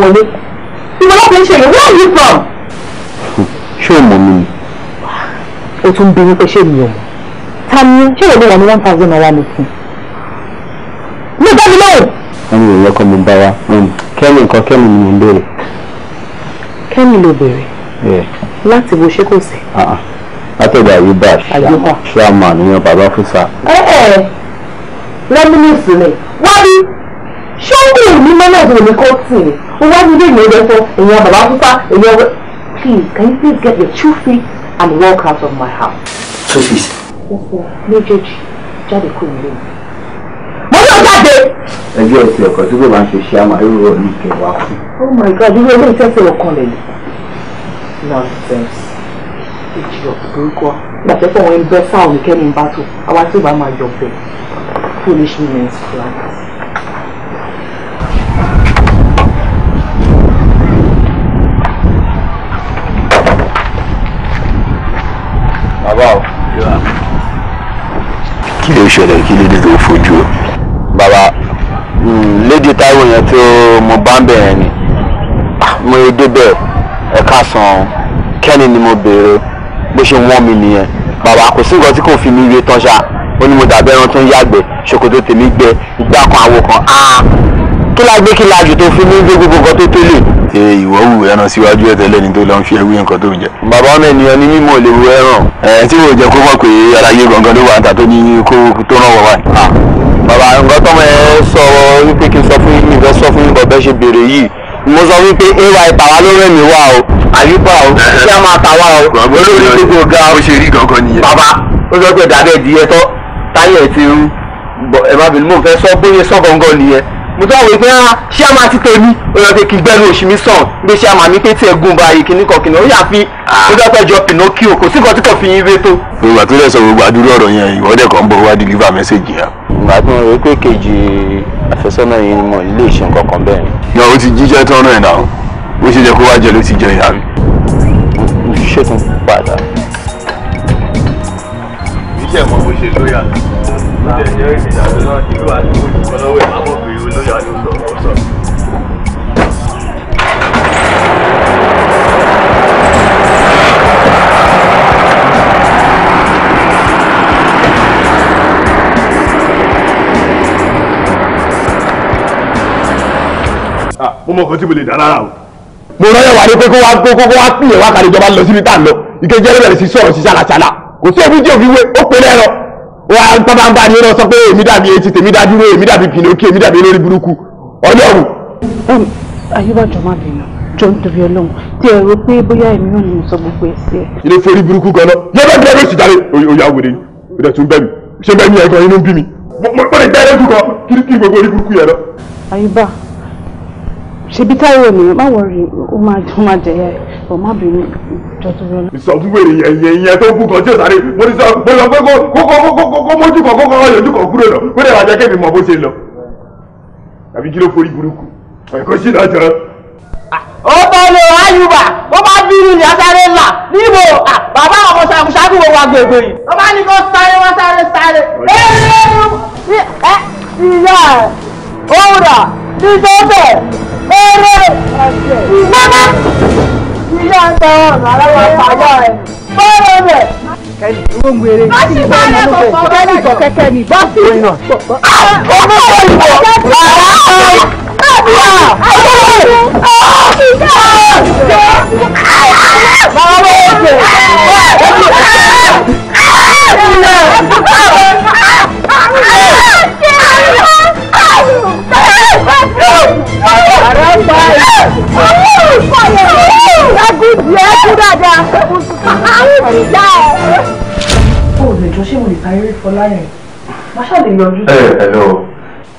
Speaker 2: wọlé ìwọ láti ń ṣẹlẹ̀ where are you from.
Speaker 4: ṣé o mọ̀ mi ni.
Speaker 2: o tún bí wípé ṣé mi ò mọ̀ ta ni ṣé ìwọ ló wà ní one thousand naira nìkan. mi ò bá mi lóhùn.
Speaker 3: wọ́n mi ò yẹ kó mi bá wa kẹ́mi nǹkan kẹ́mi ni mo ń béèrè.
Speaker 2: kẹ́mi ló béèrè. láti wo ṣé kò sí.
Speaker 3: látọ̀dọ̀ àyíbá ṣáàmà nìyẹn bàbá fúnṣà.
Speaker 2: ẹ ẹ rẹ́mínísì rẹ̀ wá rí ní mọ́nàdì òní kò tì í ó wá nílé ìwé rẹ sọ èèyàn bàbá fúnpá èèyàn rẹ please can you please get your two feet and walk out of my house. two feet. ọkọ méjèèjì jáde kúrò nílé mi. mo
Speaker 3: yóò jáde. ẹgbẹ́ ẹ̀sìn ọkọ̀ tí kò bá ń ṣe ṣe àmà yóò rọ̀ ní
Speaker 2: ìkẹwàá fún. oh my god irú ẹgbẹ́ ìṣẹ́sẹ̀ ọkàn lè lè. nonsense ìjìyà burúkú wa gbàtẹ́ fún àwọn ẹni bẹ́ẹ̀ sáwọn oníkẹ́ni ń bá tó àwa tí ò bá máa yọ̀ bẹ́ẹ̀
Speaker 4: foolish women's flags.
Speaker 3: bàbá o. kí ló ṣẹlẹ̀ kí lédè tó fojú o. bàbá lédè táwọn èèyàn tó mo bá ń bẹ̀rẹ̀ ni ah, mo yẹ débẹ̀ ẹ̀ka sàn kẹ́ni ni mo béèrè bó ṣe wọ́n mi nìyẹn baba, kò sí nǹkan tí kò fi mi wé tán ṣá ó ní mo dàbí ẹran tó ń yàgbẹ́ ṣòkòtò tèmi gbẹ ìgbà kan àwo kan áá. Ah! kí la gbé kí la jù tó fi ní gbogbo nǹkan tó tó lè. ṣe ìwọ wù ẹran síwájú ẹ tẹ́lẹ̀ ní tó lọ ń fi ẹwí nǹkan tó ń jẹ. bàbá ọmọ ènìyàn ní mímọ̀ lè wu ẹran. ẹ tí mo jẹ kó mọ̀ pé aláyé gangan ló wà ń ta tó ní kó tó ràn wọ́n wá. Ah, bàbá nǹkan tọ́mọ ẹ sọ wípé kí n sọ fún yín ìfẹ́ sọ fún yín bọ̀bẹ́ ṣe béèrè yìí mo sọ wípé ay tàwa ló rẹ̀ mí wá o àyípa o kí a máa tàwa o olórí gbogbo ga o ṣe rí gangan nìyẹn. bàbá ó sọ pé dàbẹ́ di ẹtọ́ táyẹ̀ ti rú ẹ má bínú mo fẹ́ sọ bóyá sọ gangan nìyẹn mo tọ́ wòye pé rárá ah, ṣé a máa ti tèmi ó yọ pé kí gbẹ́nu oṣù mi sàn bí ṣé a máa mi pé tí ẹ gún báyìí kíní kan kíní ó yà fi ó jọ pé jọ Pinocchio kò sí nǹkan tí kò fi yín wé tó. ìgbà tó lẹ́sọ̀ gbogbo àdúrà ọ̀rọ̀ yẹn ìwọ́dẹ kan bọ̀ wá deliver message yẹn. ìgbà tí mo rò pé kejì àfẹsọ́nà yìí ni mo lè ṣe nǹkan kan bẹ́ẹ̀ ni. ìyá o ti jíjẹ tán náà náà bó ṣe jẹ kó wá jẹ ló ọmọ kan tí mo lè dá lára o. mo rọ́yọ̀ wá ní pé kó wá kó wá pìyẹ̀ wá kárí ìjọba lọ síbi tá à ń lọ ike jẹ́rẹ́ bẹ̀rẹ̀ sí sọ̀rọ̀ sí ṣàlàṣàlà kò sí òfin tí òfin wé ó pè lẹ́rọ. wà á ń tọ́ bá ń bá ní lọ sọ pé èmi dàbí etí tèmi dájú rè èmi dàbí pinokí èmi dàbí lórí burúkú ọlọ́run.
Speaker 2: ayébàjọ́ má bínú jọ nítorí ọlọ́run tí ẹ rò pé bóyá èmi ò ní sọ gbogbo ẹsẹ̀.
Speaker 3: ilé forí burúkú gan náà yẹ bá dúró sí dáre oyà wèrè ni o dẹ̀ tún bẹ́ mi ṣé bẹ́ẹ̀ ni ẹ̀gbọ́n inú ń bí
Speaker 2: mi
Speaker 4: mo lè gbẹ́ ẹ̀rẹ́ dùn kan
Speaker 2: kí gbogbo orí burúkú yẹn lọ. àyíbá ṣebí táyọ̀ ni má wọrí ó máa dùn máa jẹyà ọ̀ má bínú ìjọ tó rọ. ìsọfúnwèrè
Speaker 3: yẹn yẹn tó kú kan tí ò sáré mo ti sọ mo sọ pé kó kó kó kó mójú kan kó kó kó yọjú kan kúrò lọ kó dẹ̀ wá jẹ́ kébì mọ bó ṣe lọ. tàbí kí ló forí burúkú ẹ̀kọ́ sí
Speaker 2: ìdájọ́. Ah, ó tọ́ lo ayùbá ó bá bínú ní asáré ńlá níbo ah, bàbá ọmọ ṣàkúṣàkú wo wa gbègbè yìí. ó bá ní kó sáré wá sáré sáré. ẹ ẹ ìyá ọ̀rà ní tó bẹ̀. Èrè! Bàbá! Ilé ọ̀tọ̀ ọ̀nà aláwọ̀ àpàjọ rẹ̀. rẹ̀. Kẹ́lí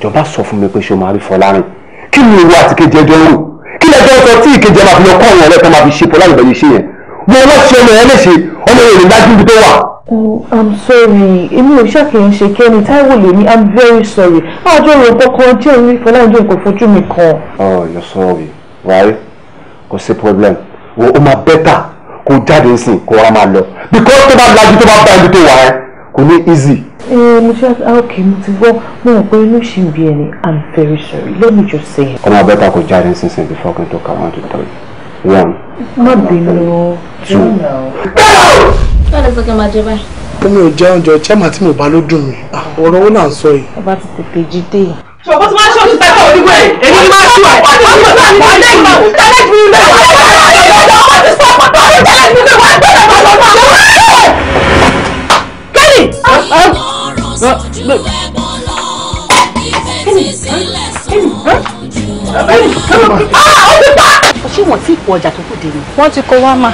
Speaker 3: ìjọba sọ fún mi pé ṣe máa rí fọlárin kí ni ìwé àti kejì ẹjọ rò kí lẹjọ sọ tí ìkejì máa fi lọ kọ ọyàn rẹ tó máa fi ṣe fọlárin bẹyìí ṣe yẹn
Speaker 2: wọn lọ ọmọ yẹn léṣe ọmọ yẹn dájú ibi tó wà. I'm sorry. Èmi ò ṣàkíyàn ṣe kẹ́ni Táíwò lèmi. I'm very sorry. Máa jọ rò kọ́kọ́ tí òun rí Fọláńjọ kò fojú mi kan. Oh, you're
Speaker 3: sorry. Wàhálì, kò sí problem. Wo o máa bẹ́tà kó jáde ń sìn kó wá máa lọ.
Speaker 4: Because tó bá lajú tó bá bá ibi
Speaker 3: tó wà ẹ́, eh, kò ní easy.
Speaker 4: Ee, eh, mo ṣe ah, okay,
Speaker 2: mo ti gbọ́. Mo rò pé inú ṣì ń bí ẹni. I'm very sorry. Let me just say. O máa bẹ́tà kó jáde ń
Speaker 3: sìn sìn before kí n tó kà wọ́n tó tọ́ yìí. One.
Speaker 2: Má bínú.
Speaker 3: Two
Speaker 1: lè sọ kí ẹ máa jẹ báyìí.
Speaker 3: omi ò jẹ oúnjẹ chairman tí mo bá ló dùn mí ọ̀rọ̀ owó
Speaker 2: náà ń sọ yìí. ẹ bá ti tètè jí dé. ṣùgbọ́n
Speaker 4: tí wọ́n ṣe òṣìṣẹ́ tó onígbò ẹ̀ èmi ni máa ṣù ẹ̀ wọ́n ti sọ fún mi lẹ́yìn ìgbà tẹ́lẹ̀ fún mi lẹ́yìn ìgbà ṣé
Speaker 2: wọ́n ti kó ọjà tó kù dé ni. wọ́n ti kó wá máa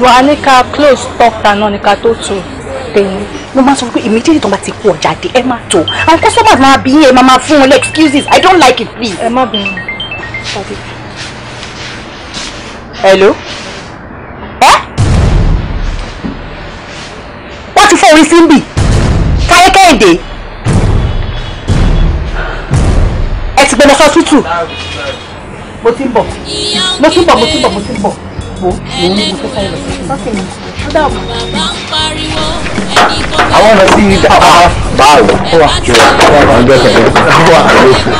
Speaker 2: wà ní ká close tọ́ka náà ní ká tó tún tẹ̀yìn. mo máa sọ pé immediately tó bá ti kú ọjà dé ẹ má tó àwọn customers máa bí yín ẹ máa fún wọn excuses i don't like it please. ẹ má bínú tàbí. hello ẹ wọ́n ti fọ́ orí síbì táyé kẹ́hìndé ẹ ti gbé lọ sọ tútù mo ti ń bọ̀ mo ti ń bọ̀ mo ti ń bọ̀ mo ti ń bọ̀ wo mo ní mo fẹ́ sáré lọ
Speaker 3: sí sọ́ọ̀sì mi ó dà bọ̀. àwọn ọ̀nà sí i dáa báwo wà wà ń bẹ̀rẹ̀ wà lóṣù.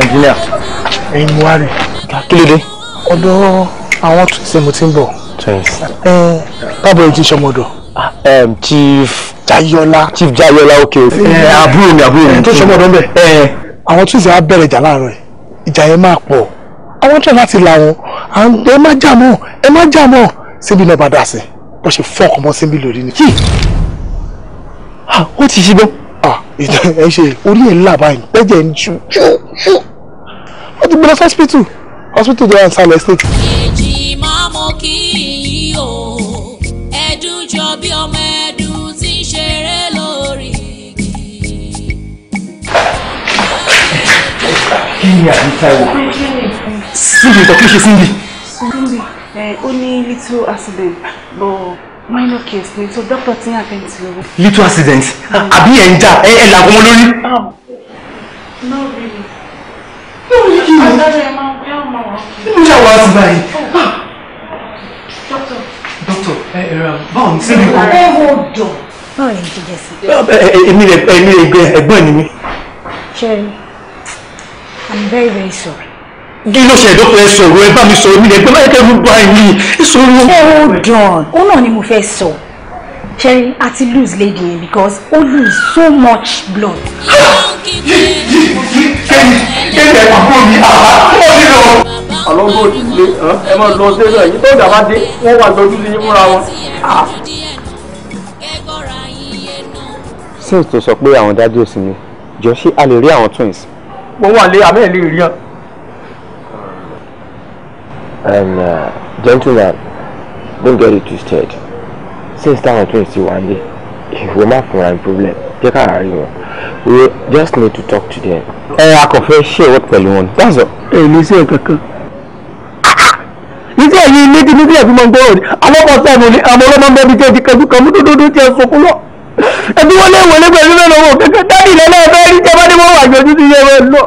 Speaker 3: ẹnjìnìà ẹyin mo wá rẹ̀. kí ló dé. ọ̀dọ̀ àwọn tuntun mo ti ń bọ̀. bábọ̀ ẹ ti sọmọdọ̀. chief Jayọlá. chief Jayọlá ok. àbúrò mi àbúrò mi. tó sọmọdọ̀ ń bẹ̀ àwọn túnṣe á bẹ̀rẹ̀ ìjà láàárọ̀ ẹ̀ ìjà yẹn máa pọ̀ àwọn tẹ̀ láti là wọn ẹ má jà mọ́ ẹ má jà mọ́ síbi náà bá dà sí bó ṣe fọ́ọ̀kù mọ́ síbi lórí ni. ó ti ṣe bọ́. ẹ ṣe orí ẹ̀ ńlá báyìí lẹ́jẹ̀ ń ju ó ti gbé lọ sí hospital hospital jẹ́ àǹsálẹ̀ state.
Speaker 4: ni àbí Táíwò Cindy nǹkan kí ló ṣe Cindy.
Speaker 2: Cindy eh, ó ní little accident but minor case ni so doctor ti ń attend to you. little accident àbí ẹ̀ ń jà ah, ẹ̀ ẹ̀ làwọn ọmọ lórí. no really. no really kí ni. adájọ́ ẹ máa ń pẹ́ ọmọ wọn. mo ṣe àwọn
Speaker 4: àti báyìí. Oh, ah. doctor. doctor ẹ ẹ ra báwo ni Cindy kọ. ẹ wo dùn. báwo ni jíjẹ sí. èmi ẹ̀gbọ́n ẹ̀gbọ́n ni mi. ṣe é. I'm very very sorry. Kí ló ṣe ìdókòó ẹ sọ̀rọ̀ ẹ bá mi sọ̀rọ̀ mi lè gbé
Speaker 2: báyìí kẹ́rù bá yìí ìṣòro. Hold on, ó náà ni mo fẹ́ sọ. Sherry, a ti lose lady because ó lose so much blood. Yí yí yí kéyì kéyì
Speaker 4: ẹ̀wọ̀n kúrò ní àbá ó ní lọ.
Speaker 3: Àlọ́gbò ti lé ẹ máa lọ sí ẹ̀rọ yìí tó dàbá dé wọ́n wà lọ́dún sí fúnra wọn. Since ah. tó sọ pé àwọn dájú òsì mi, jọ ṣé a lè rí àwọn twins? mo wà lé àmì ẹ̀ rí hàn. and uh, gentleman don't get it twisted since táwọn twins ti wà ní ìwé má fún wa ní problem jẹ́ ká àárín wọn we just need to talk to them. ẹ a kò fẹ́ ṣe ìwé pẹ̀lú wọn that's all. èmi ṣe kankan
Speaker 2: iṣẹ́ yìí ní ti ní ti ẹ̀ fi máa ń gbọ́rọ̀ ni àwọn ọmọ sẹ́nu ni àwọn ọlọ́mọ mẹ́bi tí ẹ ti kẹjú kan mú dúdú tí ẹ sọ fún lọ ẹbí wọn lé wọlé pẹ̀lú mẹ́rin owó kẹ́kẹ́ dáàbì lẹ́lẹ́ ẹ̀fẹ́ rí jẹ́ bá ní wọ́n wà
Speaker 3: jọjú ti yẹ wọn lọ.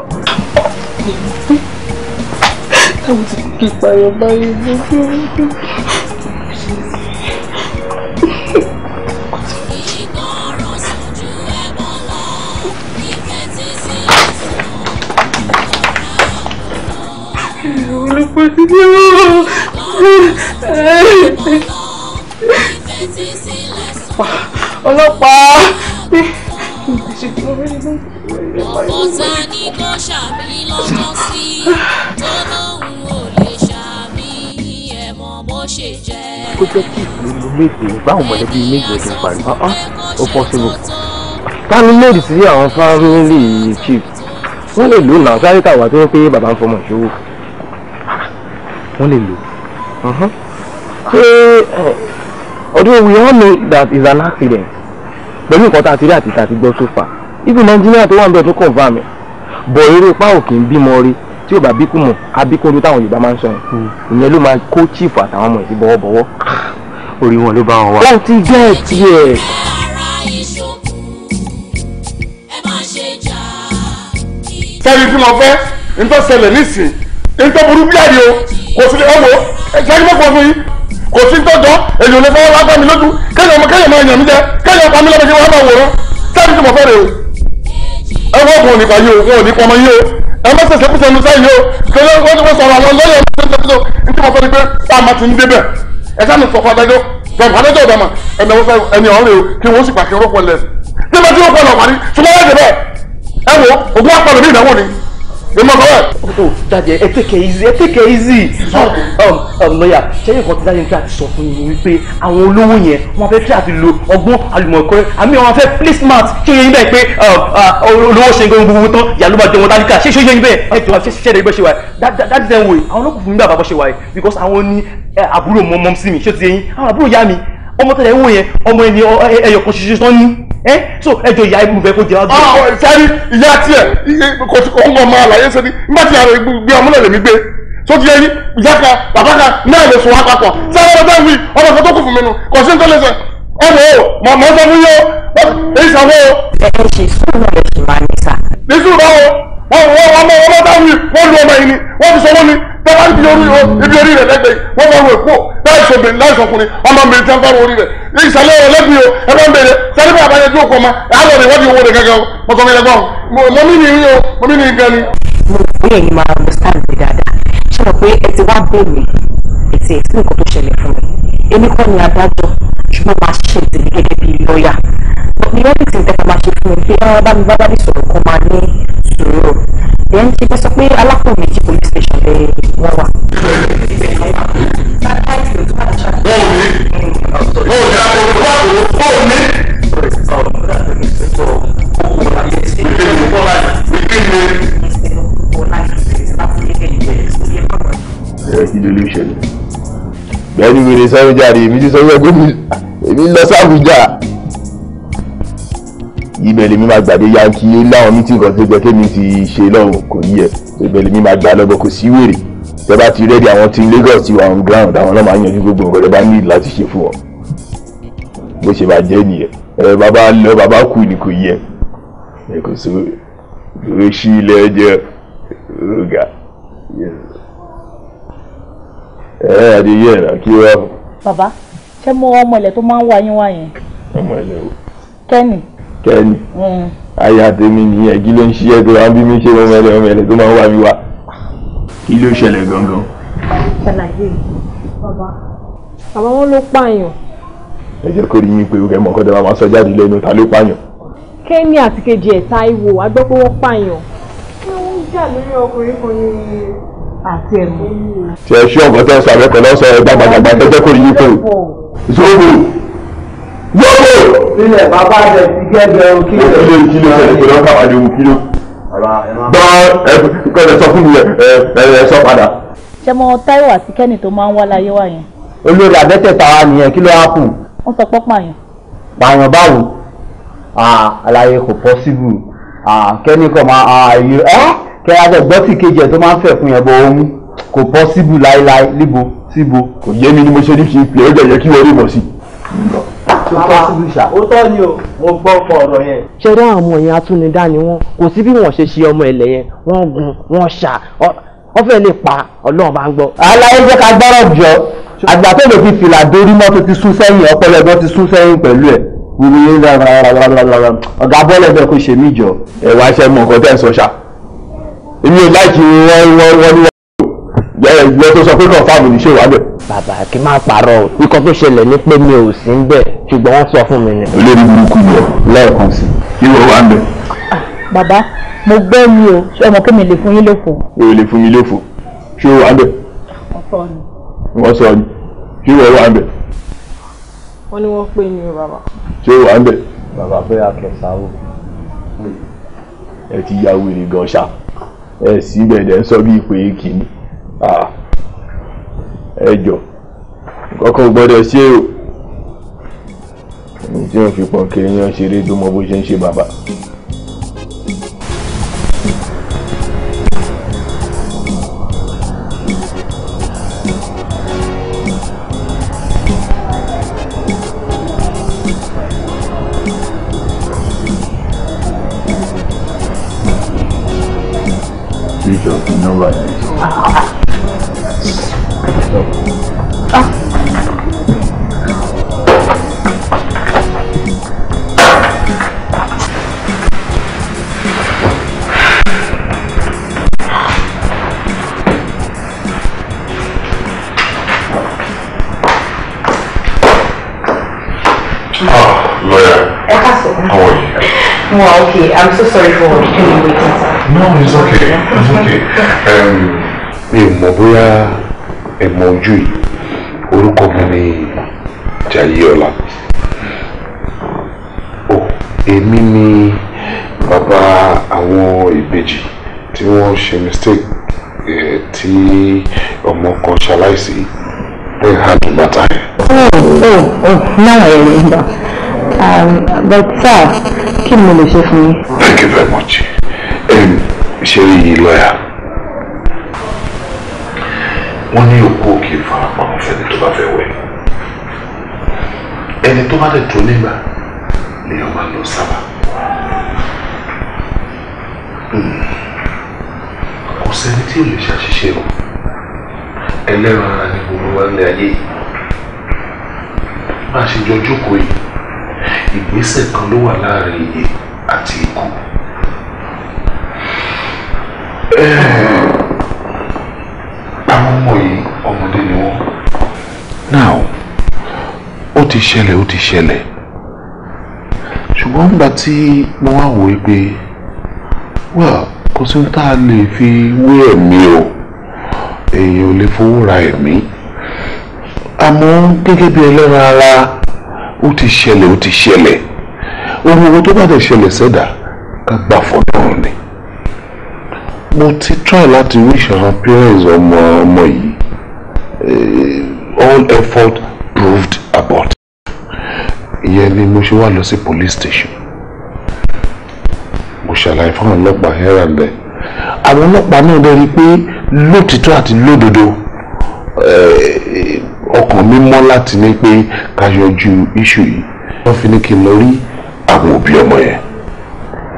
Speaker 2: táwọn ti
Speaker 4: kí ìpààyàn báyìí lójú
Speaker 2: ọlọ́pàá
Speaker 1: ọ̀tá
Speaker 4: ni kò ṣàmì lọ́jọ́ sí
Speaker 1: tó lóun ò
Speaker 4: lè ṣàmì ẹ̀
Speaker 3: mọ̀ bó ṣe jẹ́. kó jẹ́ kí ìlú méje báwọn mọ̀lẹ́bí méje ti parí ah, ah, ó pọ̀ sínú. tani méjì sí àwọn fámìlì chief wọ́n lè lò náà sáré tàwa tó ń pé bàbá ń fọmọ ìṣòwò wọ́n lè lò. ṣé eh, although we all know that is an accident pẹ̀lú nǹkan tá a ti rí àti tá a ti gbọ́ sófà ibi nàìjíríà tó wà ń bẹ̀ tó kàn fà bọ̀ eré ipá òkè ń bímọ rí tí ò bá bíkú mọ̀ abíkúndú táwọn yorùbá máa ń sọ yẹn hmm. ìyẹn ló máa kó chief àtàwọn ọmọ yìí bọ́wọ́bọ́wọ́. orí wọn ló bá wọn wá. láti jẹ́ tiẹ̀. sẹ́ni tí mo fẹ́ ń tọ́ ṣẹlẹ̀ nísìnyí ń tọ́ burú bí àdìo kò sí ọ̀wọ́ ẹ̀ kò sí tọ́jọ́ èyí ò lè fọwọ́ wá bá mi lójú kéèyàn ọmọ kéèyàn máa yàn mí jẹ kéèyàn pa mí lọ́mọ kí wọ́n wòrán sáàbì tí mo fẹ́ rè o. ẹ wọ́n kò nípa yìí o wọn ò ní pọmọ yìí o ẹ má ṣẹ̀ṣẹ̀ kúṣẹ́ nu sáyìí o kéèyàn wọ́n ti sọ̀rọ̀ àwọn lọ́yọ̀ ọ̀hún ṣe ṣe ṣe tí mo fẹ́ ni pé tá ti ń débẹ̀ ẹ
Speaker 4: sáà sọ
Speaker 3: ẹ mọ
Speaker 2: kọ́wọ́. o jàjẹ ẹ take it easy ẹ take it easy. lọ́yà ṣẹ́yìn kan ti dájú nípa àti sọ fún yín wípé àwọn olówó yẹn wọ́n
Speaker 3: fẹ́ fi àti lo ọgbọ́n àlùmọ̀ọ́kọ́rẹ́ àmì àwọn afẹ́ place mat ṣé yẹn bẹ́ẹ̀ pé um, olówó ṣe nǹkan gbogbo tán yàrá ló bá jẹun dáríkà ṣé ṣé yẹn bẹ́ẹ̀ ẹ jọ ṣe ṣẹ́ẹ̀dẹ̀ gbọ́ ṣe wáyé dájú tẹ̀ ń wòye àwọn olókùn fún mi bàbá bọ́ ṣe wáyé because àwọn ní eh, àbúrò mọ́mọ́ sí mi ṣé ti yẹn àwọn àbúrò yá mi ọmọ tẹ̀lé ń wò yẹn ọmọ ẹni ẹyọkan ṣoṣo tán ní Eh? so ẹjọ ìyá ibùdó fẹ kó jẹ ọdún. ọ sáré ìyá tiẹ̀ òun ọmọ àlàyé ṣe ni nígbà tí ààrẹ gbé ọmọ náà lèmi gbé tó ti yẹn ìyá kan bàbá kan náà lè sùn wá papọ̀ sáré ọjọ́ ọmọ kan tó kù fún mi nù kò sí nítorí sẹ ọmọ o mọ mọ sọ fún èyí sọ o. ẹ
Speaker 2: ẹ ṣe sùúrù náà
Speaker 1: lè ṣe máa ní sá.
Speaker 3: ní sùúrù báwo wọn wọn wọn ọmọ ọmọ wọn lu ọmọ yìí ni wọn fi sọ wọn ni tọ́ba ń bi ibi orí rẹ̀ lẹ́gbẹ̀ẹ́ wọ́n máa wò kó láì sọ̀bìn láì sọ̀kùnrin ọmọ mi ti ń fẹ́ràn orí rẹ̀ ìsàlẹ̀ rẹ̀ lẹ́gbẹ̀ẹ́ o ẹ bá ń bèrè sẹ́ni bá àbáyé tó kọ́ ma àlọ́ rẹ̀ wọ́n di owó rẹ̀ gẹ́gẹ́ o mo sọ mi lẹ́gbọ́n
Speaker 2: mo mí nìyí o mo mí nìyí gan ni. mo ní ẹ̀yin máa understand mi dáadáa ṣe mọ̀ pé ẹ ti wá bèèrè ètè ètí nǹkan tó ṣẹlẹ̀ fún mi èmi kọ́ ni adájọ́ ṣùgbọ́n máa ní everything tẹ́ka máa ṣe fún mi pé ẹ bá mi bá dábì sọ̀rọ̀ kan máa ní sùúrù then ṣe fẹ́ sọ pé alápò méjì police station lè wọ́n wà.
Speaker 3: ìdílé ìṣẹ̀lẹ̀ wèrè sáré jáde èmi ti sọ wípé èmi lọ sábùjá ibẹ̀ lèmi máa gbàdé yankí ó láwọn mítìn kan tó jẹ́ kémi ti ṣe lọ́hùn kò yẹ ibẹ̀ lèmi máa gbà lọ́bọ̀ kò sí wèrè tẹ́ bá ti rẹ́ẹ̀dì àwọn tí Lagos ti wà on ground àwọn náà máa yanjú gbogbo nǹkan tẹ́ bá ní láti ṣe fún ọ bó ṣe máa jẹ́ nìyẹn ẹ bàbá lọ bàbá kù ni kò yẹ ẹ kò sí wèrè sí ilẹ̀ ẹjẹ ọ̀gá ẹ adìyẹ náà kí wọ́n.
Speaker 2: bàbá ṣé mo ọmọ ilẹ̀ tó máa ń wá yín wá yẹn.
Speaker 3: ọmọ ilẹ̀
Speaker 4: o.
Speaker 2: kẹ́ni kẹ́ni hmm.
Speaker 3: aya tèmi nìyẹn kí ló ń ṣiṣẹ́ tó wá bí mi ṣe mọ́mẹ́lẹ́ mọ́mẹ́lẹ́ tó máa ń wá mi wá kí ló ṣẹlẹ̀ gangan.
Speaker 2: ṣàlàyé bàbá bàbá wọn ló pààyàn. ẹ jẹ́ kó
Speaker 3: rí mi pé òkè mọ̀ kọ́tà máa sọ jáde lẹ́nu ta ló pààyàn.
Speaker 2: kẹ́ni àti kejì ẹ̀ Táíwò a gbọ́ pé wọ́n pààyàn. wọ́n ń jà lórí ọkùnrin kan ní àti ẹ̀mú.
Speaker 3: tí ẹ ṣú ọ̀gọ́ tẹ́ sọ àbẹ́kọ̀ ẹ̀ gbàgbàgbà tẹ́jẹ́ sílẹ̀ bàbá rẹ̀ ti gẹ́gẹ̀rún kí lè. kí lè kí lè sẹ́ni pẹ̀lú ọkà àdéhùn kí ẹ sọ fún mi ẹ sọ padà.
Speaker 1: ṣé mo
Speaker 2: Táíwò àti Kẹ́ni tó máa ń wá láyé wá yẹn. olórí àbẹ́tẹ̀ta wa
Speaker 3: nìyẹn kí ló wá kù.
Speaker 2: wọ́n sọ pọ́ pààyàn.
Speaker 3: pààyàn báwo àlàyé kò pọ́síbù Kẹ́ni kan máa yọ ẹ́ kẹ́yàtọ̀ gbọ́ tí kejì ẹ̀ tó máa ń fẹ̀ fún yẹn bọ ohun kò pọ́síbù láéláé níbo síbo kò yé mi ni mo ṣe ní kí n pè é jẹ́ yẹ kí wọ́n rí mọ̀ sí
Speaker 4: i
Speaker 2: òótọ́ ni o mo gbọ́ ọkọ ọ̀rọ̀ yẹn. ṣé rí ọmọ yẹn atúnidá ni wọn kò sí bí wọn ṣe ṣe ọmọ ẹlẹ yẹn wọn gun wọn ṣà wọn lè pa Ọlọ́run bá ń gbọ́.
Speaker 3: aláyé jẹ́ ká gbọ́rọ̀ jọ àgbà tó lè fi fìlà dórí mọ́tò ti sún sẹ́yìn ọpọlọ ẹgbẹ́ ti sún sẹ́yìn pẹ̀lú ẹ̀ wíwí yín ọ̀gá bọ́ọ̀lù ẹgbẹ́ kò ṣe mí jọ ẹ̀wà ṣẹ́ mọ̀ nǹkan tẹ́ èmi ò láìkí wọ́n wọ́n wọ́n ìwé tó sọ pé náà fáàmù ní ṣé wà lẹ̀. bàbá kì í máa parọ́ o ikọ́ tó ṣẹlẹ̀ ní pé mi ò sí ń bẹ̀ ṣùgbọ́n wọ́n sọ fún mi ni. olórí burúkú yọ lẹ́ẹ̀kan sí i ìwọ wà ń bẹ.
Speaker 2: bàbá mo gbẹ́ mi o ṣé ọmọ kí mi lè fún yín lófo.
Speaker 3: o lè fún mi lófo ṣé o wà ń bẹ. wọ́n sọ ni ṣé ìwọ wà ń bẹ.
Speaker 2: wọ́n ní wọ́n pè ní o bàbá.
Speaker 3: ṣé o wà ń bẹ. bàbá bóyá
Speaker 2: kẹsàn-án
Speaker 3: ẹ ti ya wèrè gan ṣá ẹ sì gbẹdẹ sọ bí ìpè kìíní ẹ jọ kọ́kọ́ gbọ́dọ̀ ṣe o èmi tí wọ́n fi pọ̀ kiri yan ṣeré tó mọ bó ṣe ń ṣe bàbá.
Speaker 4: Three though. Ah.
Speaker 2: Well, okay. I'm so sorry for making you
Speaker 3: No, it's okay. It's okay. Um, you ò ẹ̀mọ ojú yìí orúkọ mi ni Jayéọlá o èmi ni bàbá àwọn ìbejì tí wọ́n ṣe mistake ẹ̀ tí ọmọ kan ṣaláìsí ní hàdùn bàtà yẹn.
Speaker 2: oh oh oh now I remember um, but sir kí ni mo lè ṣe fún yín. thank you very much
Speaker 3: ṣe rí i lọ́yà wọ́n ní òkú òkè ìfarapamọ́ fẹ́ni tó bá fẹ́ wẹ̀ ẹni tó bá lè tó nígbà lèèyàn máa lọ sábà hmm. kò sẹ́ni tí ò lè ṣàṣìṣe o ẹlẹ́ran ara ni gbogbo wa lé ayé máa ṣe jọ jókòó yìí ìgbésẹ̀ kan ló wà láàrin iye àti ikú. Eh. ti ṣẹlẹ̀ ó ti ṣẹlẹ̀ ṣùgbọ́n nígbà tí mo wá wòye pé well kò sí tá a lè fi wé ẹ̀mí o èèyàn ò lè fowó ra ẹ̀mí àmọ́ gẹ́gẹ́ bí ẹlẹ́ran ara ó ti ṣẹlẹ̀ ó ti ṣẹlẹ̀ ohun owó tó bá dẹ̀ ṣẹlẹ̀ sẹ́dà ká gbà fọ́nà ni mo ti try láti reach àwọn parents ọmọ ọmọ yìí eh, all effort proved abort bẹ́ẹ̀ mo ṣe wà lọ sí police station mo ṣàlàyé fáwọn ọlọ́pàá ẹ̀rà ń bẹ̀ àwọn ọlọ́pàá náà dẹ́rí pé lótìtọ́ àti lódodo eh, ọkàn mi mọ́ láti ní pé ká yọjú iṣu yìí wọ́n fi ní kí n lọ rí àwọn òbí ọmọ yẹn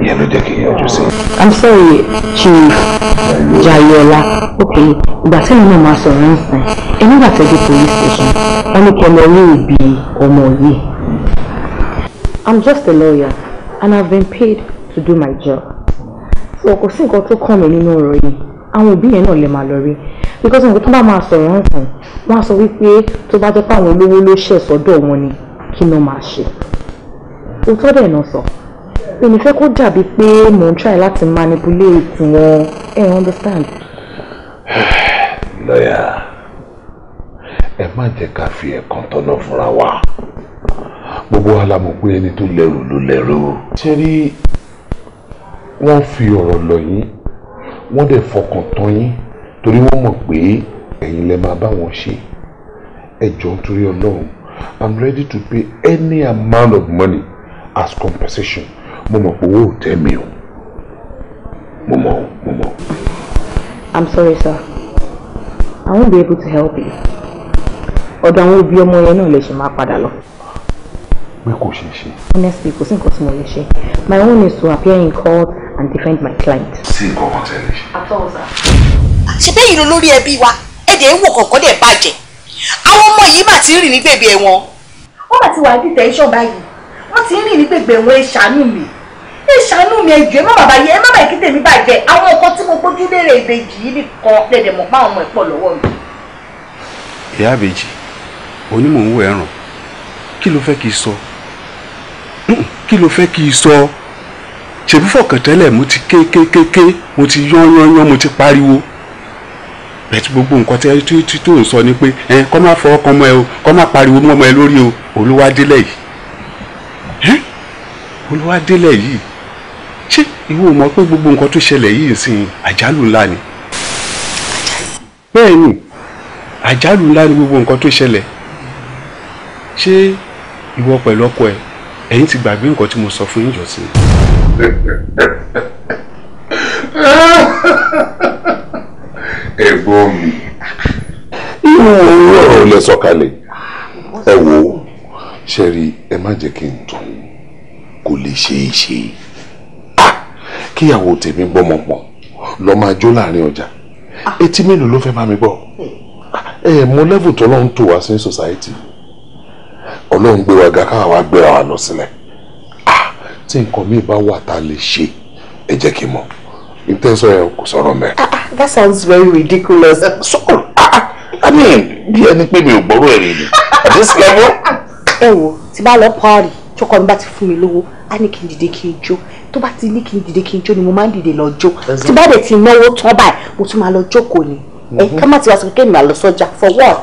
Speaker 3: ìyẹn ló jẹ́ kí n yọjú sí.
Speaker 2: i'm sorry chief jayola okay ìgbà tí mo máa sọ̀rọ̀ ń sìn ẹ nígbà tẹ́jú police station wọ́n ní kí ẹ lọ rí òbí ọmọ yìí I'm just a lawyer and I've been paid to do my job. So kò sí nǹkan tó come mí nínú ọ̀rọ̀ yìí àwọn òbí yẹn náà lè máa lọ rí because nǹkan tó bá máa sọ̀rọ̀ ń sìn wọ́n á sọ wípé tó bá jẹ́ pé àwọn olówó ló ṣẹ̀ sọ́dọ̀ wọn ni kí náà máa ṣe. òótọ́ dẹ̀ náà sọ èmi fẹ́ kó dàbí pé mò ń try láti manipulate wọn ẹ̀ understand.
Speaker 4: Lawyer
Speaker 3: ẹ má jẹ́ ká fi ẹ̀kan tọ́nà fúnra wa gbogbo wa la mọ̀ pé ẹni tó lẹ́rù ló lẹ́rù. ṣé rí wọ́n fi ọ̀rọ̀ lọ̀ yín wọ́n dẹ̀ fọkàn tán yín torí wọ́n mọ̀ pé ẹ̀yin lẹ máa bá wọn ṣe ẹ jọ̀ọ́ nítorí ọlọ́run i'm ready to pay any amount of money as compensation mo mọ̀ pé owó ò tẹ́ mi o
Speaker 2: mo mọ̀ mo mọ̀. i'm sorry sir i won't be able to help you ọ̀dọ̀ àwọn òbí ọmọ yẹn náà lè ṣe máa padà lọ. pé kò ṣeé ṣe. honestly kò sí nǹkan tí mo lè ṣe my own is to appear in court and defend my client. sí nǹkan kan tẹ́ lè ṣe. àtọ́wọ́sà. ṣe bẹ́ẹ̀ yìí ló lórí ẹbí wa ẹ̀dẹ̀ ń wò kọ̀ọ̀kan dẹ̀ bàjẹ́ àwọn ọmọ yìí mà ti ń rìn ní gbèbè ẹ̀wọ̀n. wọ́n mà ti wà ní detention báyìí wọ́n ti ń rìn ní gbèbè ẹ̀wọ̀n ẹ ṣàánú mi ẹ ṣàánú mi ẹjọ ẹ má bàbá yẹ ẹ má bàbá ìkéde mi bàjẹ́ àwọn ọkọ tí mo gbójú léèrè ìbejì yìí nìkan lẹ̀dẹ̀ mọ̀ pa àwọn ọmọ ẹ̀ pọ̀ lọ́wọ́ mi.
Speaker 3: ìyá ìbejì onímọ̀ ń wo ẹ̀ràn kí ló fẹ́ kí n sọ hmm, kí ló fẹ́ kí n sọ ṣèbí fọkàntẹ́lẹ̀ mo ti kékékéké mo ti yányányán mo ti pariwo bẹ́ẹ̀ tí gbogbo nǹkan tí tó ń sọ ni pé ẹ kọ́ máa fọ ọkàn ọmọ ẹ o kọ́ máa pariwo mọ́ ọmọ ẹ lórí o olúwadélẹ̀ yìí olúwadélẹ̀ yìí ṣé ìwọ mọ̀ pé gbogbo nǹkan tó ṣẹlẹ̀ yìí sìn àjálù ńlá ni bẹ́ẹ̀ ni àjálù ńlá ni gbogbo nǹkan tó ṣẹlẹ̀ ṣé ìwọ pẹ̀lú ọkọ ẹ ẹ̀yin ti gbàgbé nǹkan tí mo sọ fún yín jọ́sìn. ẹ̀gbọ́n mi irú orí ọ̀rọ̀ lẹ sọ kalẹ̀ ẹ wo ṣẹ́rí ẹ má jẹ́ kí n tàn kó lè ṣeé ṣe kíyàwó tèmi gbọ́mọ pọ̀ lọ máa jó láàrin ọjà etí mélòó ló fẹ́ bá mi gbọ́ hmm. ẹ mọ lẹ́vù tọ́lọ́ ń tò wá sí society ọlọ́run gbé wa ga káwa wá gbéra wa lọ sílẹ̀ ah tí nǹkan mi bá wà tá lè ṣe ẹ jẹ́ kí n mọ̀ n tẹ́ sọ yẹn kò sọ̀rọ̀ mẹ́.
Speaker 2: Ah, ah, that sounds very ridiculous. so ah, ah i mean
Speaker 3: bí ẹni pé mi ò gbọ́rọ̀ ẹ̀ rìn
Speaker 2: at this level. ẹ wo tí bá lọ parí tọkọ mi bá ti fún mi lówó á ní kí n dìde kí n jó tó bá ti ní kí n dìde kí n jó ni mo máa ń dìde lọ jó tí bá dẹ̀ ti náwó tán báyìí mo tún máa lọ jókòó ni ẹ mm-hmm. ká má ti wá sọ pé máa lọ sọ́jà for what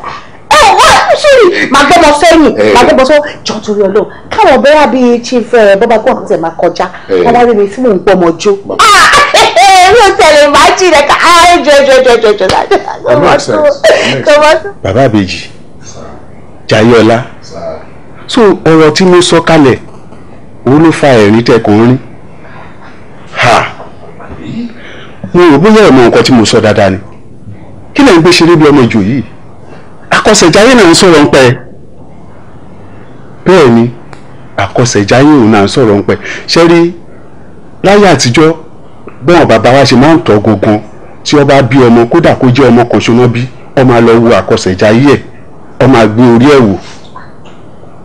Speaker 4: ṣìrì máa gbọ́mọ sẹ́yìn eh. máa gbọ́mọ
Speaker 2: sọ jọ torí ọlọ́run káwọn bẹ́ẹ̀ bí chief eh, bọ́bá gbọ́n tẹ̀ máa kọjá eh. wọ́n wá rí mi tí mò ń gbọ́mọ jó.
Speaker 1: mi ò tẹ̀lé máa jì rẹ̀ ká ẹ ah, jọ jọ jọ jọ jọ lájọ.
Speaker 3: bàbá àbèjì Jayéọlá so ọ̀rọ̀ tí mo sọ kalẹ̀ òun ló fa ẹ̀rín tẹ kò ń rí mo rò bóyá ẹ̀ mọ nǹkan tí mo sọ dáadáa ni kí lẹ́yìn gbé ṣeré bí ọmọ ìjò yìí akọ́ṣẹ́jáyé náà ń sọ̀rọ̀ ń pẹ́ bẹ́ẹ̀ ni àkọsẹ̀jáyé òun náà sọ̀rọ̀ ń pẹ́ ṣé rí láyé àtijọ́ bọ́n bàbá wa ṣe máa ń tọ́ gangan tí ọba bí ọmọ kódà kó jẹ́ ọmọ kan ṣoná bí ọmọ àlọ́ wo àkọsẹ̀jáyé ẹ̀ ọmọ àgbé orí ẹ̀ wò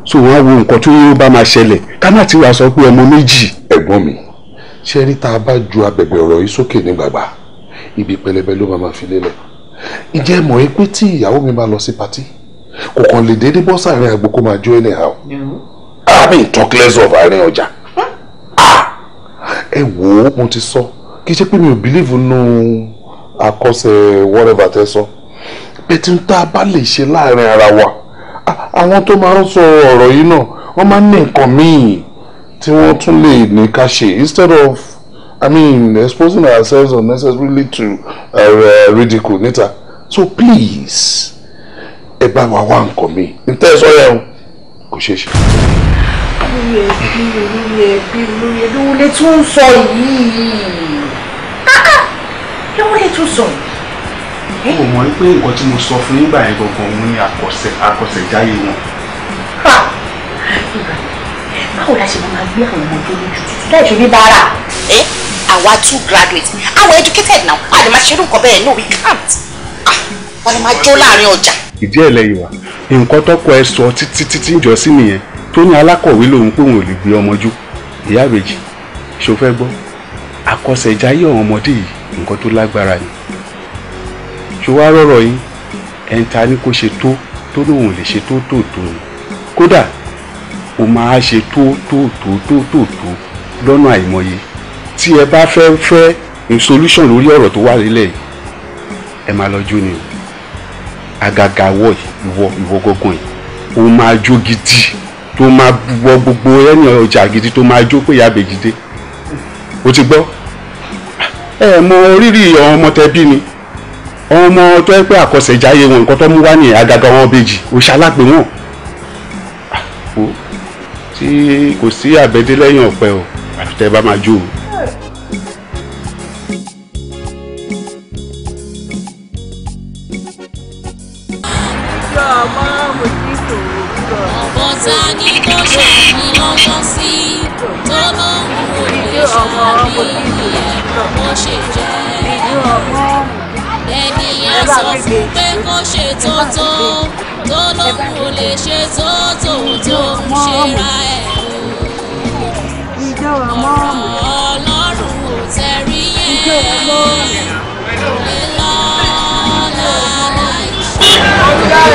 Speaker 3: so wọ́n á wo nǹkan tó yóò bá máa ṣẹlẹ̀ ká má ti wá sọ pé ọmọ méjì. ẹ̀gbọ́n mi ṣé rí tá a bá ju abẹ̀bẹ̀ ọ̀rọ̀ yìí sókè ní gbàgbà ibi pẹlẹbẹ ló máa fi lélẹ̀ ìjẹ́ mọ̀ ẹ́ pé tí ìyàwó mi máa lọ sí patí kò kàn lè déédéé bọ́ sàárín àgbo kó máa jó anyhow. I mean talk less of àárín ọjà. Ah, ẹ wò ó mo ti sọ kì í ṣe pé mi ò believe nù àkọsẹ̀ whatever tẹ sọ bẹ́ẹ̀ tí ń tá a bá lè ṣe láàrin ara wa ah, àwọn tó máa ń sọ ọ̀rọ̀ yìí náà wọ́n máa ń ní nǹkan míì tí wọ́n tún lè ní ká ṣe instead of I mean exposing ourselves unnecessarily to uh, uh, ridicule níta so please ẹ bá wa wá nǹkan mi n tẹ́ ẹ sọ yẹn o kò ṣeé ṣe.
Speaker 2: lórí ẹbí lórí ẹbí lórí ẹbí wọn lè tún sọ yìí kí wọn lè tún sọ yìí mo
Speaker 3: mọ̀ pé nǹkan tí mo sọ fún nígbà yẹn gangan òun ni àkọsẹ̀ àkọsẹ̀jáyé wọn.
Speaker 2: báwo la ṣe máa gbé àwọn ọmọdé lójú láì ṣe bíbára. ẹ eh, àwa two graduates àwọn educated now a lè máa ṣerú nǹkan bẹ́ẹ̀ no we can't
Speaker 1: wọn ni máa jó láàrin
Speaker 2: ọjà.
Speaker 3: ìdí ẹ̀ lẹ́yìn wa nǹkan tọ́kọ ẹ sọ títí títí ìjọ sí nìyẹn tó ní alákọ̀wé lòun pé òun ò lè gbé ọmọ jù ìyá ìbejì ṣó fẹ́ gbọ́ àkọsẹ̀jáyé ọ̀hún ọmọdé yìí nǹkan tó lágbára ni ṣó wá rọ̀rọ̀ yín ẹ̀ńtà ni kò ṣe tó tó lòun ò lè ṣe tó tó tó ni kódà ó máa ṣe tó tó tó tó tó tó lọ́nà àìmọye tí ẹ bá fẹ́ fẹ́ solution lórí ọ̀rọ̀ tó wà nílẹ̀ yìí ẹ máa lọ jó ni o àgàgà wọ ìwọ ìwọ gọgàn yìí o máa jó gidi tó máa wọ gbogbo ẹni ọjà gidi tó máa jó pé ìyá àbèjì o ti gbọ́ ẹ mọ rírì ọmọ tẹbí ni ọmọ tó ẹ pé àkọsẹ̀jáyé wọn nǹkan tó mú wá ní àgàgà wọn bèjì òṣàlápè wọn ah, tí kò sí àbẹ̀dé lẹ́yìn ọ̀pẹ o àtúntẹ̀ bá máa jó o.
Speaker 1: tó tó lóhùn ò lè ṣe tó tó tó ń ṣera ẹ̀ o ọ̀rọ̀ ọlọ́run ò tẹ̀rí
Speaker 4: yẹn lè lọ́la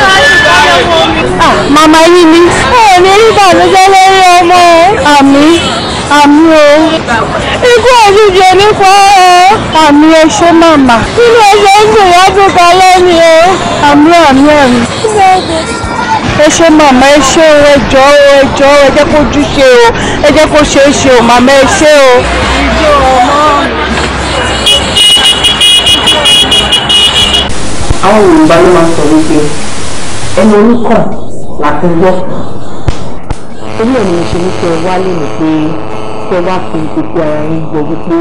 Speaker 4: láìsí. màmá
Speaker 2: yìí ni ẹ̀ ní rí bàlújẹ́ lórí ọmọ ẹ̀ àmì àmì o ikú òjijì nípa o àmì o màmá nínú ẹsẹ̀ ń dùn yájú kan lẹ́yìn o àmì àmì àmì ẹ màmá ẹ o ẹ o ẹ o ẹ kó júṣe o ẹ kó ṣe é ṣe o màmá ẹ o. àwọn Yorùbá ló máa ń sọ wípé ẹni oníkàn làtúngbọ́ orí ẹ̀ ni mo ṣe ní kí ẹ wálé mi pé tẹ́ bá fi gbogbo ara yín gbọ́ wípé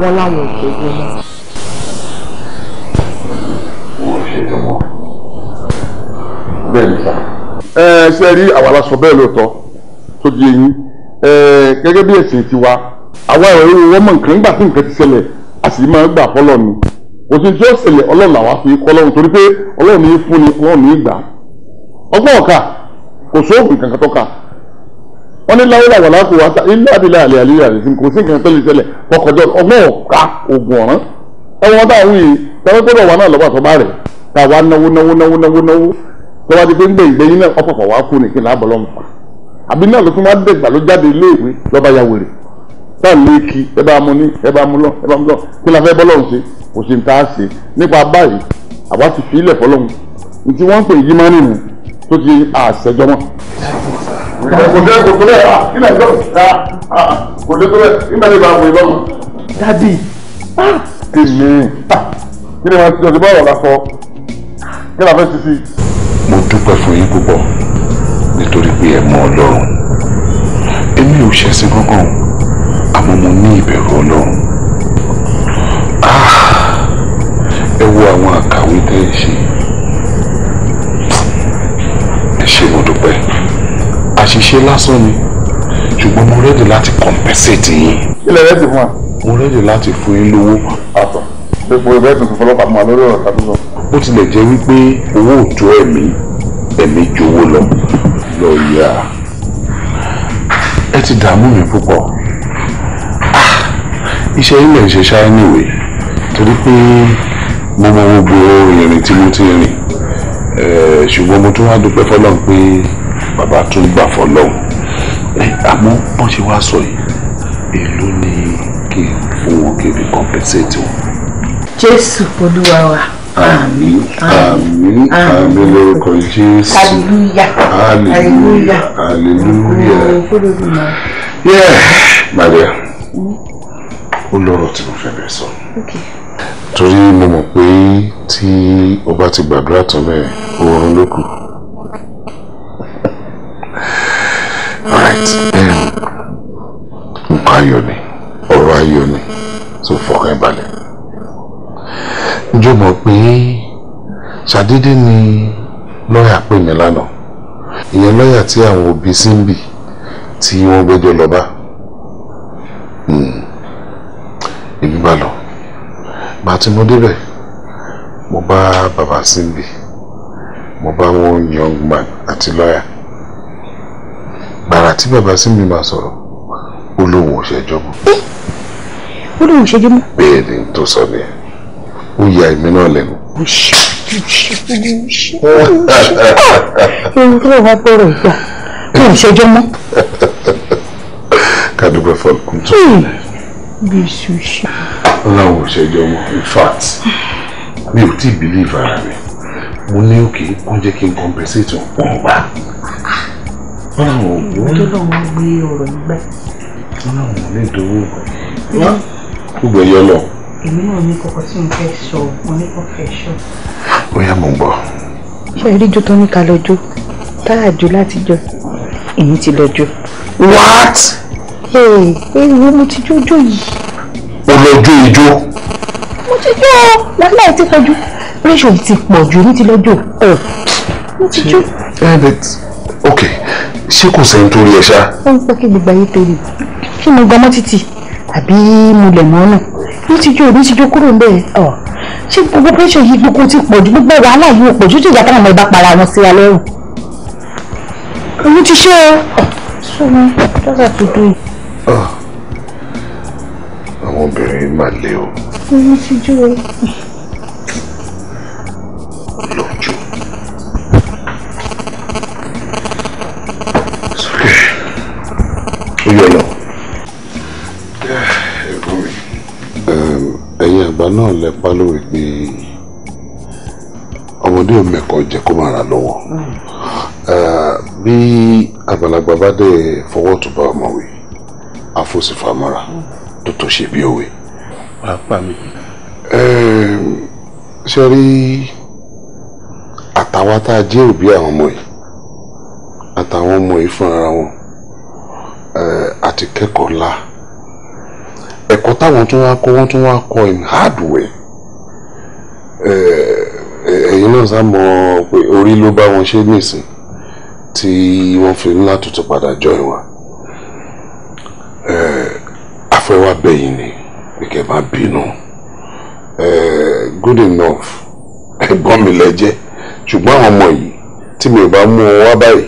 Speaker 2: wọ́n láwọn òkè gbóná.
Speaker 3: ẹ ṣe rí àwọn aláṣọ bẹ́ẹ̀ lóòótọ́ tó di eyín gẹ́gẹ́ bí ẹ̀sìn tiwa àwa ẹ̀rọ wọn mọ̀ nǹkan nígbà tí nǹkan ti ṣẹlẹ̀ a sì máa gbà fọlọ́ ni òsì tí ó ṣẹlẹ̀ ọlọ́run làwa fi kọ́ lọ́run torí pé ọlọ́run ní í fún ni ọlọ́run ní í gbà ọgbọ́n ọ̀ka kò sóògùn kankan tó ka wọ́n ní láwùlà wà láàkó wa ilé abilà àlẹ́ àlẹ́ àlẹ́ sí kò sí nǹkan tó lè ṣẹlẹ̀ kọkọjọ ọmọ ọ̀ka oògùn ọ̀ràn ẹ̀wọ̀n táwọn yìí táwọn gbọ́dọ̀ wà náà lọ́wọ́ àtọ́bá rẹ̀ táwa náwó náwó náwó náwó náwó tọ́wá ti pé ń gbé ìgbẹ́yìn náà ọ̀pọ̀pọ̀ wá kú nìkan láàbọ̀ lọ́mù pa àbí náà ló tún wá dẹ̀gbà ló jáde iléèwé lọ́ba ya wèrè táà léèkì ẹ bá mu ní ẹ bá mu lọ ẹ bá mu lọ kí la fẹ́ bọ́lọ́run ṣe kò sí ní tá a ṣe nípa báyìí àwa ti fi ilẹ̀ fọlọ́run ní tí wọ́n kò jẹ́ kò tó bẹ́ẹ̀ nígbà tó bẹ́ẹ̀ kò tó bẹ́ẹ̀ nígbà tó bá wọ ìlọ́mù. dadi tèmi ah. ah. kí ni wọn ti ọdún bọ́ọ̀rọ̀ la sọ kí la fẹ́ ti fi. mo dúpẹ́ fún yín púpọ̀ nítorí pé ẹ mọ ọlọ́run èmi ò ṣẹ̀sìn kankan àmọ́ mo ní ìbẹ̀rù ọlọ́run ah. ẹ wo àwọn àkàwé tẹ́ ẹ ṣe ẹ ṣe mo dúpẹ́ àṣìṣe lásán ni ṣùgbọ́n mo rẹ́dì láti compensate yín. ilẹ̀ rẹ ti fún wa. mo rẹ́dì láti fún yín lówó. àtọ̀ gbogbo ẹgbẹ́ tuntun fọlọ́pàá mọ́ lórí ọ̀rọ̀ tàbísọ. bó tilẹ̀ jẹ́ wípé owó ò tó ẹ̀mí ẹ̀mí ju owó lọ lọ́ọ̀yà ẹ ti dààmú mi púpọ̀ ah! iṣẹ́ ilẹ̀ ń ṣe ṣáá níwèé torí pé mo mọ gbogbo ìrìn tí mo ti rìn ṣùgbọ́n mo tún wá dúpẹ́ fọlọ́run pé bàbá tún gbà fọlọ́hún àmọ́ bọ́n ṣe wá sọ yìí èló ni kí n fún wọn compensate wọn.
Speaker 2: jésù olúwa wa. àmín àmín àmín
Speaker 3: lórúkọ jésù hallelujah
Speaker 2: hallelujah
Speaker 3: hallelujah yeah maria
Speaker 2: mm-hmm.
Speaker 3: ó lọ́rọ̀ tí mo fẹ́ bẹ̀ sọ. torí mo mọ̀ pé tí o bá ti gbàdúrà tán mẹ́ẹ̀ oorun ló kù.
Speaker 4: right
Speaker 3: nǹkan mm. ayọ̀ ni ọ̀rọ̀ ayọ̀ ni tó fọkàn balẹ̀ ǹjọ́ mọ̀ pé ṣàdédé ni lọ́ọ̀yà pè mí lánàá ìyẹn lọ́ọ̀yà tí àwọn òbí sí ń bì tí wọ́n gbẹ́jọ́ lọ bá èmi hmm. bá lọ bá tí mo débẹ̀ mo bá bàbá young man àti lọ́ọ̀yà gbàrà tí bàbá sí mi máa sọ̀rọ̀ ó lóun ò ṣẹjọ́ mọ́. ó lóun ò ṣẹjọ́ mọ́. bẹ́ẹ̀ ni tó sọ ni ó ya èmi náà lẹ́nu. ewu tó wà bọ̀rọ̀ ìgbà ó ò ṣẹjọ́ mọ́. ká dúpẹ́ fọlùkùn tó sọ ni. ọlọ́run ò ṣẹjọ́ mọ́ in fact mi ò tí ì believe ara mi mo ní òkè kó jẹ́ kí n compensate wọn pọ̀ gbà ọ̀nà òògùn tó
Speaker 2: lọ́wọ́ gbé ọ̀rọ̀ nígbà.
Speaker 4: ọ̀nà òògùn ní ìdòwò wá gbogbo ẹ̀yọ lọ.
Speaker 2: èmi náà ní kọ̀kọ́ tí mo fẹ́ sọ mo ní kọ́ fẹ́ sọ. bóyá mo ń bọ̀. ṣé ẹ rí ijó tó ní ká lọ jó táyà jó láti jọ èmi ti lọ jó. what. ee ewu mo ti jójó yìí. o lọ jó ijó. mo ti jó wàhálà ẹ ti pọ̀ jù pressure ti pọ̀ jù ní ti lọ jó.
Speaker 3: mo ti jó. ẹ bẹ tí ok ṣé kò sẹ́yìn tó rí ẹ ṣá.
Speaker 2: ó ń sọ kí gbogbo ayé tèrè ṣé mo gbọmọ títì àbí mo lẹ̀ mọ́ náà ní tíjú òní tíjú kúrò ń bẹ̀ ọ́ ṣé gbogbo pẹ́ṣẹ̀ yìí gbogbo ti pọ̀jù gbogbo wàhálà yìí pọ̀jù tí ìyá táwọn ọmọ ìbá para wọn síra lẹ́rù. òun ti ṣe ọ
Speaker 4: sọmọ dọ́là tó dé. àwọn obìnrin máa lé o. mo ti jó
Speaker 3: náà lẹ pa lórí pé ọmọdé ò mẹ́kọ̀ọ́ jẹ́ kó máa ra lọ́wọ́ mm. bí àgbàlagbà bá dẹ̀ fọwọ́ tó bá ọmọ wí àfòsífàmọ́ra tó tó ṣe bí òwe. ṣe rí àtàwọn tá a jẹ́ òbí àwọn ọmọ yìí àtàwọn ọmọ yìí fúnra wọn àti kẹ́kọ̀ọ́ ńlá ẹ̀kọ́ táwọn tún wá kọ́ wọ́n tún wá kọ́ in hardware ẹ̀yin náà sá mọ̀ pé orí ló bá wọn ṣe nísìn tí wọ́n fi ńlá tuntun padà jọ ìwà afẹ́wà bẹ̀yìn ni kẹ̀kẹ́ má bínú good enough ẹ̀gbọ́n mi lẹ́jẹ́ ṣùgbọ́n àwọn ọmọ yìí tí mi ò bá mú wọn wá báyìí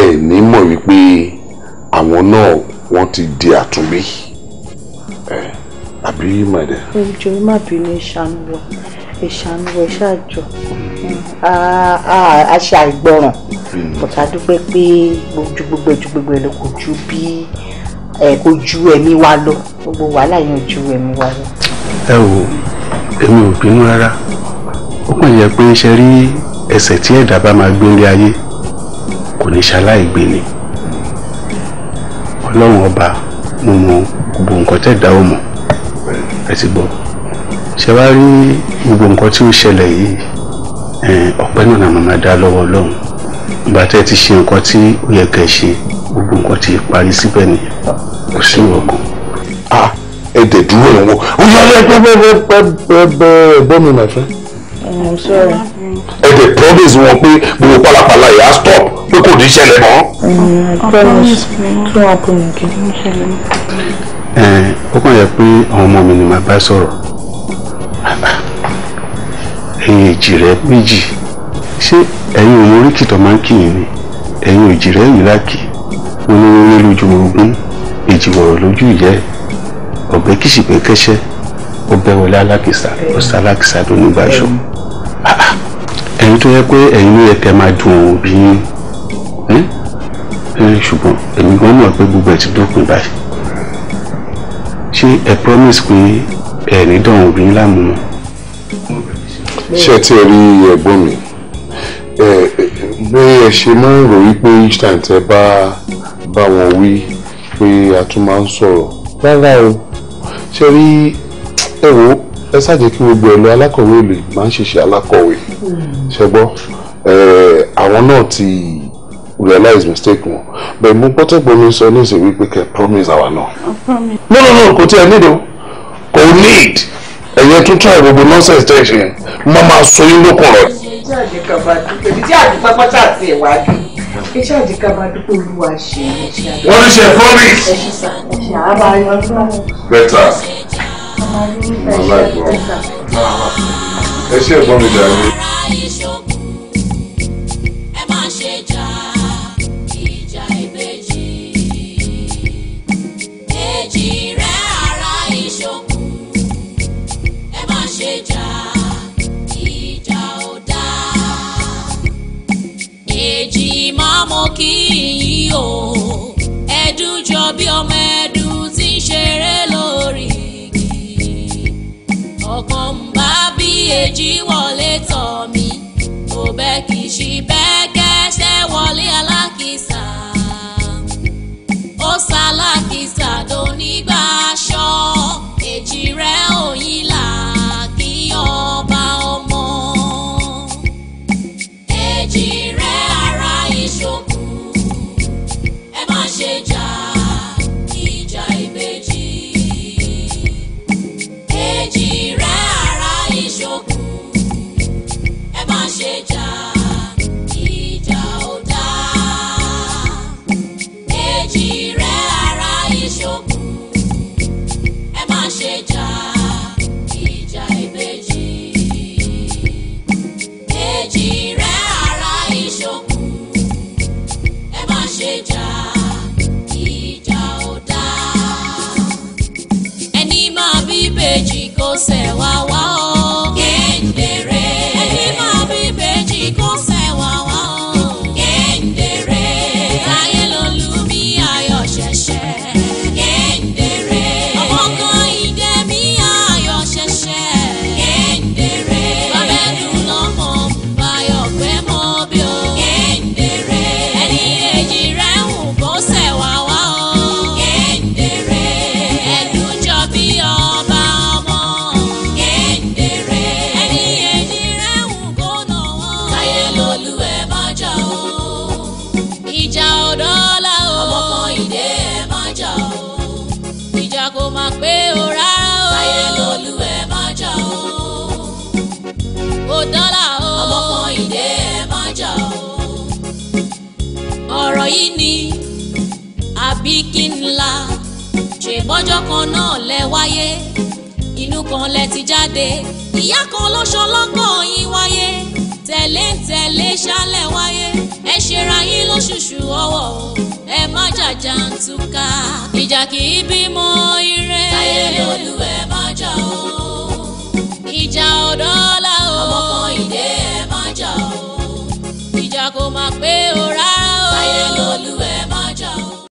Speaker 3: ẹ̀ ní mọ̀ wípé àwọn náà wọ́n ti di àtúnbí. Eh, àbí màdà.
Speaker 2: ìjọ má bínú ìṣàánú wọ ìṣàánú wọ ìṣàjọ
Speaker 4: hmm.
Speaker 2: àṣà ìgbọràn hmm. but a dúpẹ́ pé gbogbo gbogbo ju gbogbo ẹ̀ lọ kò ju bí kò ju ẹ̀mí wa lọ gbogbo wàhálà yẹn ju ẹ̀mí wa lọ.
Speaker 4: ẹ
Speaker 3: wo èmi ò bínú rárá ó kàn yẹ pé ṣe rí ẹsẹ̀ tí ẹ̀dá bá máa gbé orí ayé kò ní ṣaláì gbé ni ọlọ́run ọba mo mọ gbogbo nǹkan tẹ́ dá ò mọ̀ ẹ ti gbọ́ ṣe wá rí gbogbo nǹkan tí ó ṣẹlẹ̀ yìí ọpẹ́ náà ni màmá dá lọ́wọ́ ọlọ́run ìgbà tẹ́ ti ṣe nǹkan tí ó yẹ kẹ́ ṣe gbogbo nǹkan ti parí síbẹ̀ ni kò sí ìwọ̀kan. ẹ dẹ̀ dúró lọ́wọ́ ó yẹ ẹ pẹ́ pẹ́ pẹ́ pẹ́ pẹ́ bọ́ mi my friend.
Speaker 4: I'm sorry
Speaker 3: ẹ dẹ̀ promise wọn pé gbogbo pálapàla yà á stop pé kò mm, ní ṣẹlẹ̀ mọ́.
Speaker 4: ẹ ó
Speaker 3: kàn yẹ pé àwọn ọmọ mi ni màá bá sọ̀rọ̀ ẹ̀yin èjì rẹ méjì ṣé ẹ̀yin òun oríkì tó máa ń kì í ni ẹ̀yin èjì rẹ yìí láàkì wọn ní wọn lójú orogún èjì wọ̀rọ̀ lójú ìyẹ́ ọ̀bẹ kìsìgbẹ́ kẹ́sẹ́ ọbẹ̀ wọlé alákìsà ọ̀sẹ̀ alákìsà tó nígbà ṣọ́. Mm. Ah, ah ẹ̀yin tó yẹ pé ẹ̀yin ló yẹ kẹ́ máa dùn òun bí yín ṣùgbọ́n èmi gan mọ̀ pé gbogbo ẹ̀ ti dópin báyìí ṣé ẹ promise pé ẹ̀ ní dán òun bí yín láàmú mọ́. ṣé tí ẹ rí ẹ̀gbọ́n mi bí ẹ ṣe máa ń rò wípé einstein tẹ bá bá wọn wí pé a tún máa ń sọ̀rọ̀ rárá o ṣe rí ẹ wo ẹ ṣáà jẹ́ kí gbogbo ẹ lọ alákọ̀wé lè máa ń ṣiṣẹ́ alákọ̀wé ṣẹgbọ́n àwọn náà ti realize mistake wọn but mo gbọ́tọ̀ gbọ́ mi sọ ní ìṣèwé pé kẹ́ promise àwa náà. no no no kò tí ẹ nílò kò need ẹ̀yẹ tún try gbogbo nonsense tẹ̀ ṣe mo máa sọ yín lókun rẹ̀.
Speaker 4: ìṣe àjẹkàbà
Speaker 2: dúpẹ́ ibi tí àdìpápá tà sí ẹ̀ wájú iṣẹ́ àdìkà bá dúpọ̀ olúwa ṣe
Speaker 3: é ṣe wọ́n ṣe
Speaker 2: fọ́ọ̀rì. ẹ ṣe sà ẹ ṣe àbáyọ ọlọ́run.
Speaker 3: bẹ́tà.
Speaker 4: ọmọ
Speaker 2: ayé
Speaker 3: nípa ẹ̀ṣẹ̀ ẹ̀ṣẹ̀ ẹ ṣe ẹ̀gbọ́n mi jàre.
Speaker 1: èjì máa mọ kí yìí o ẹdùn jọ bí ọmọ ẹdùn tí ń ṣeré. barista tó nígbà.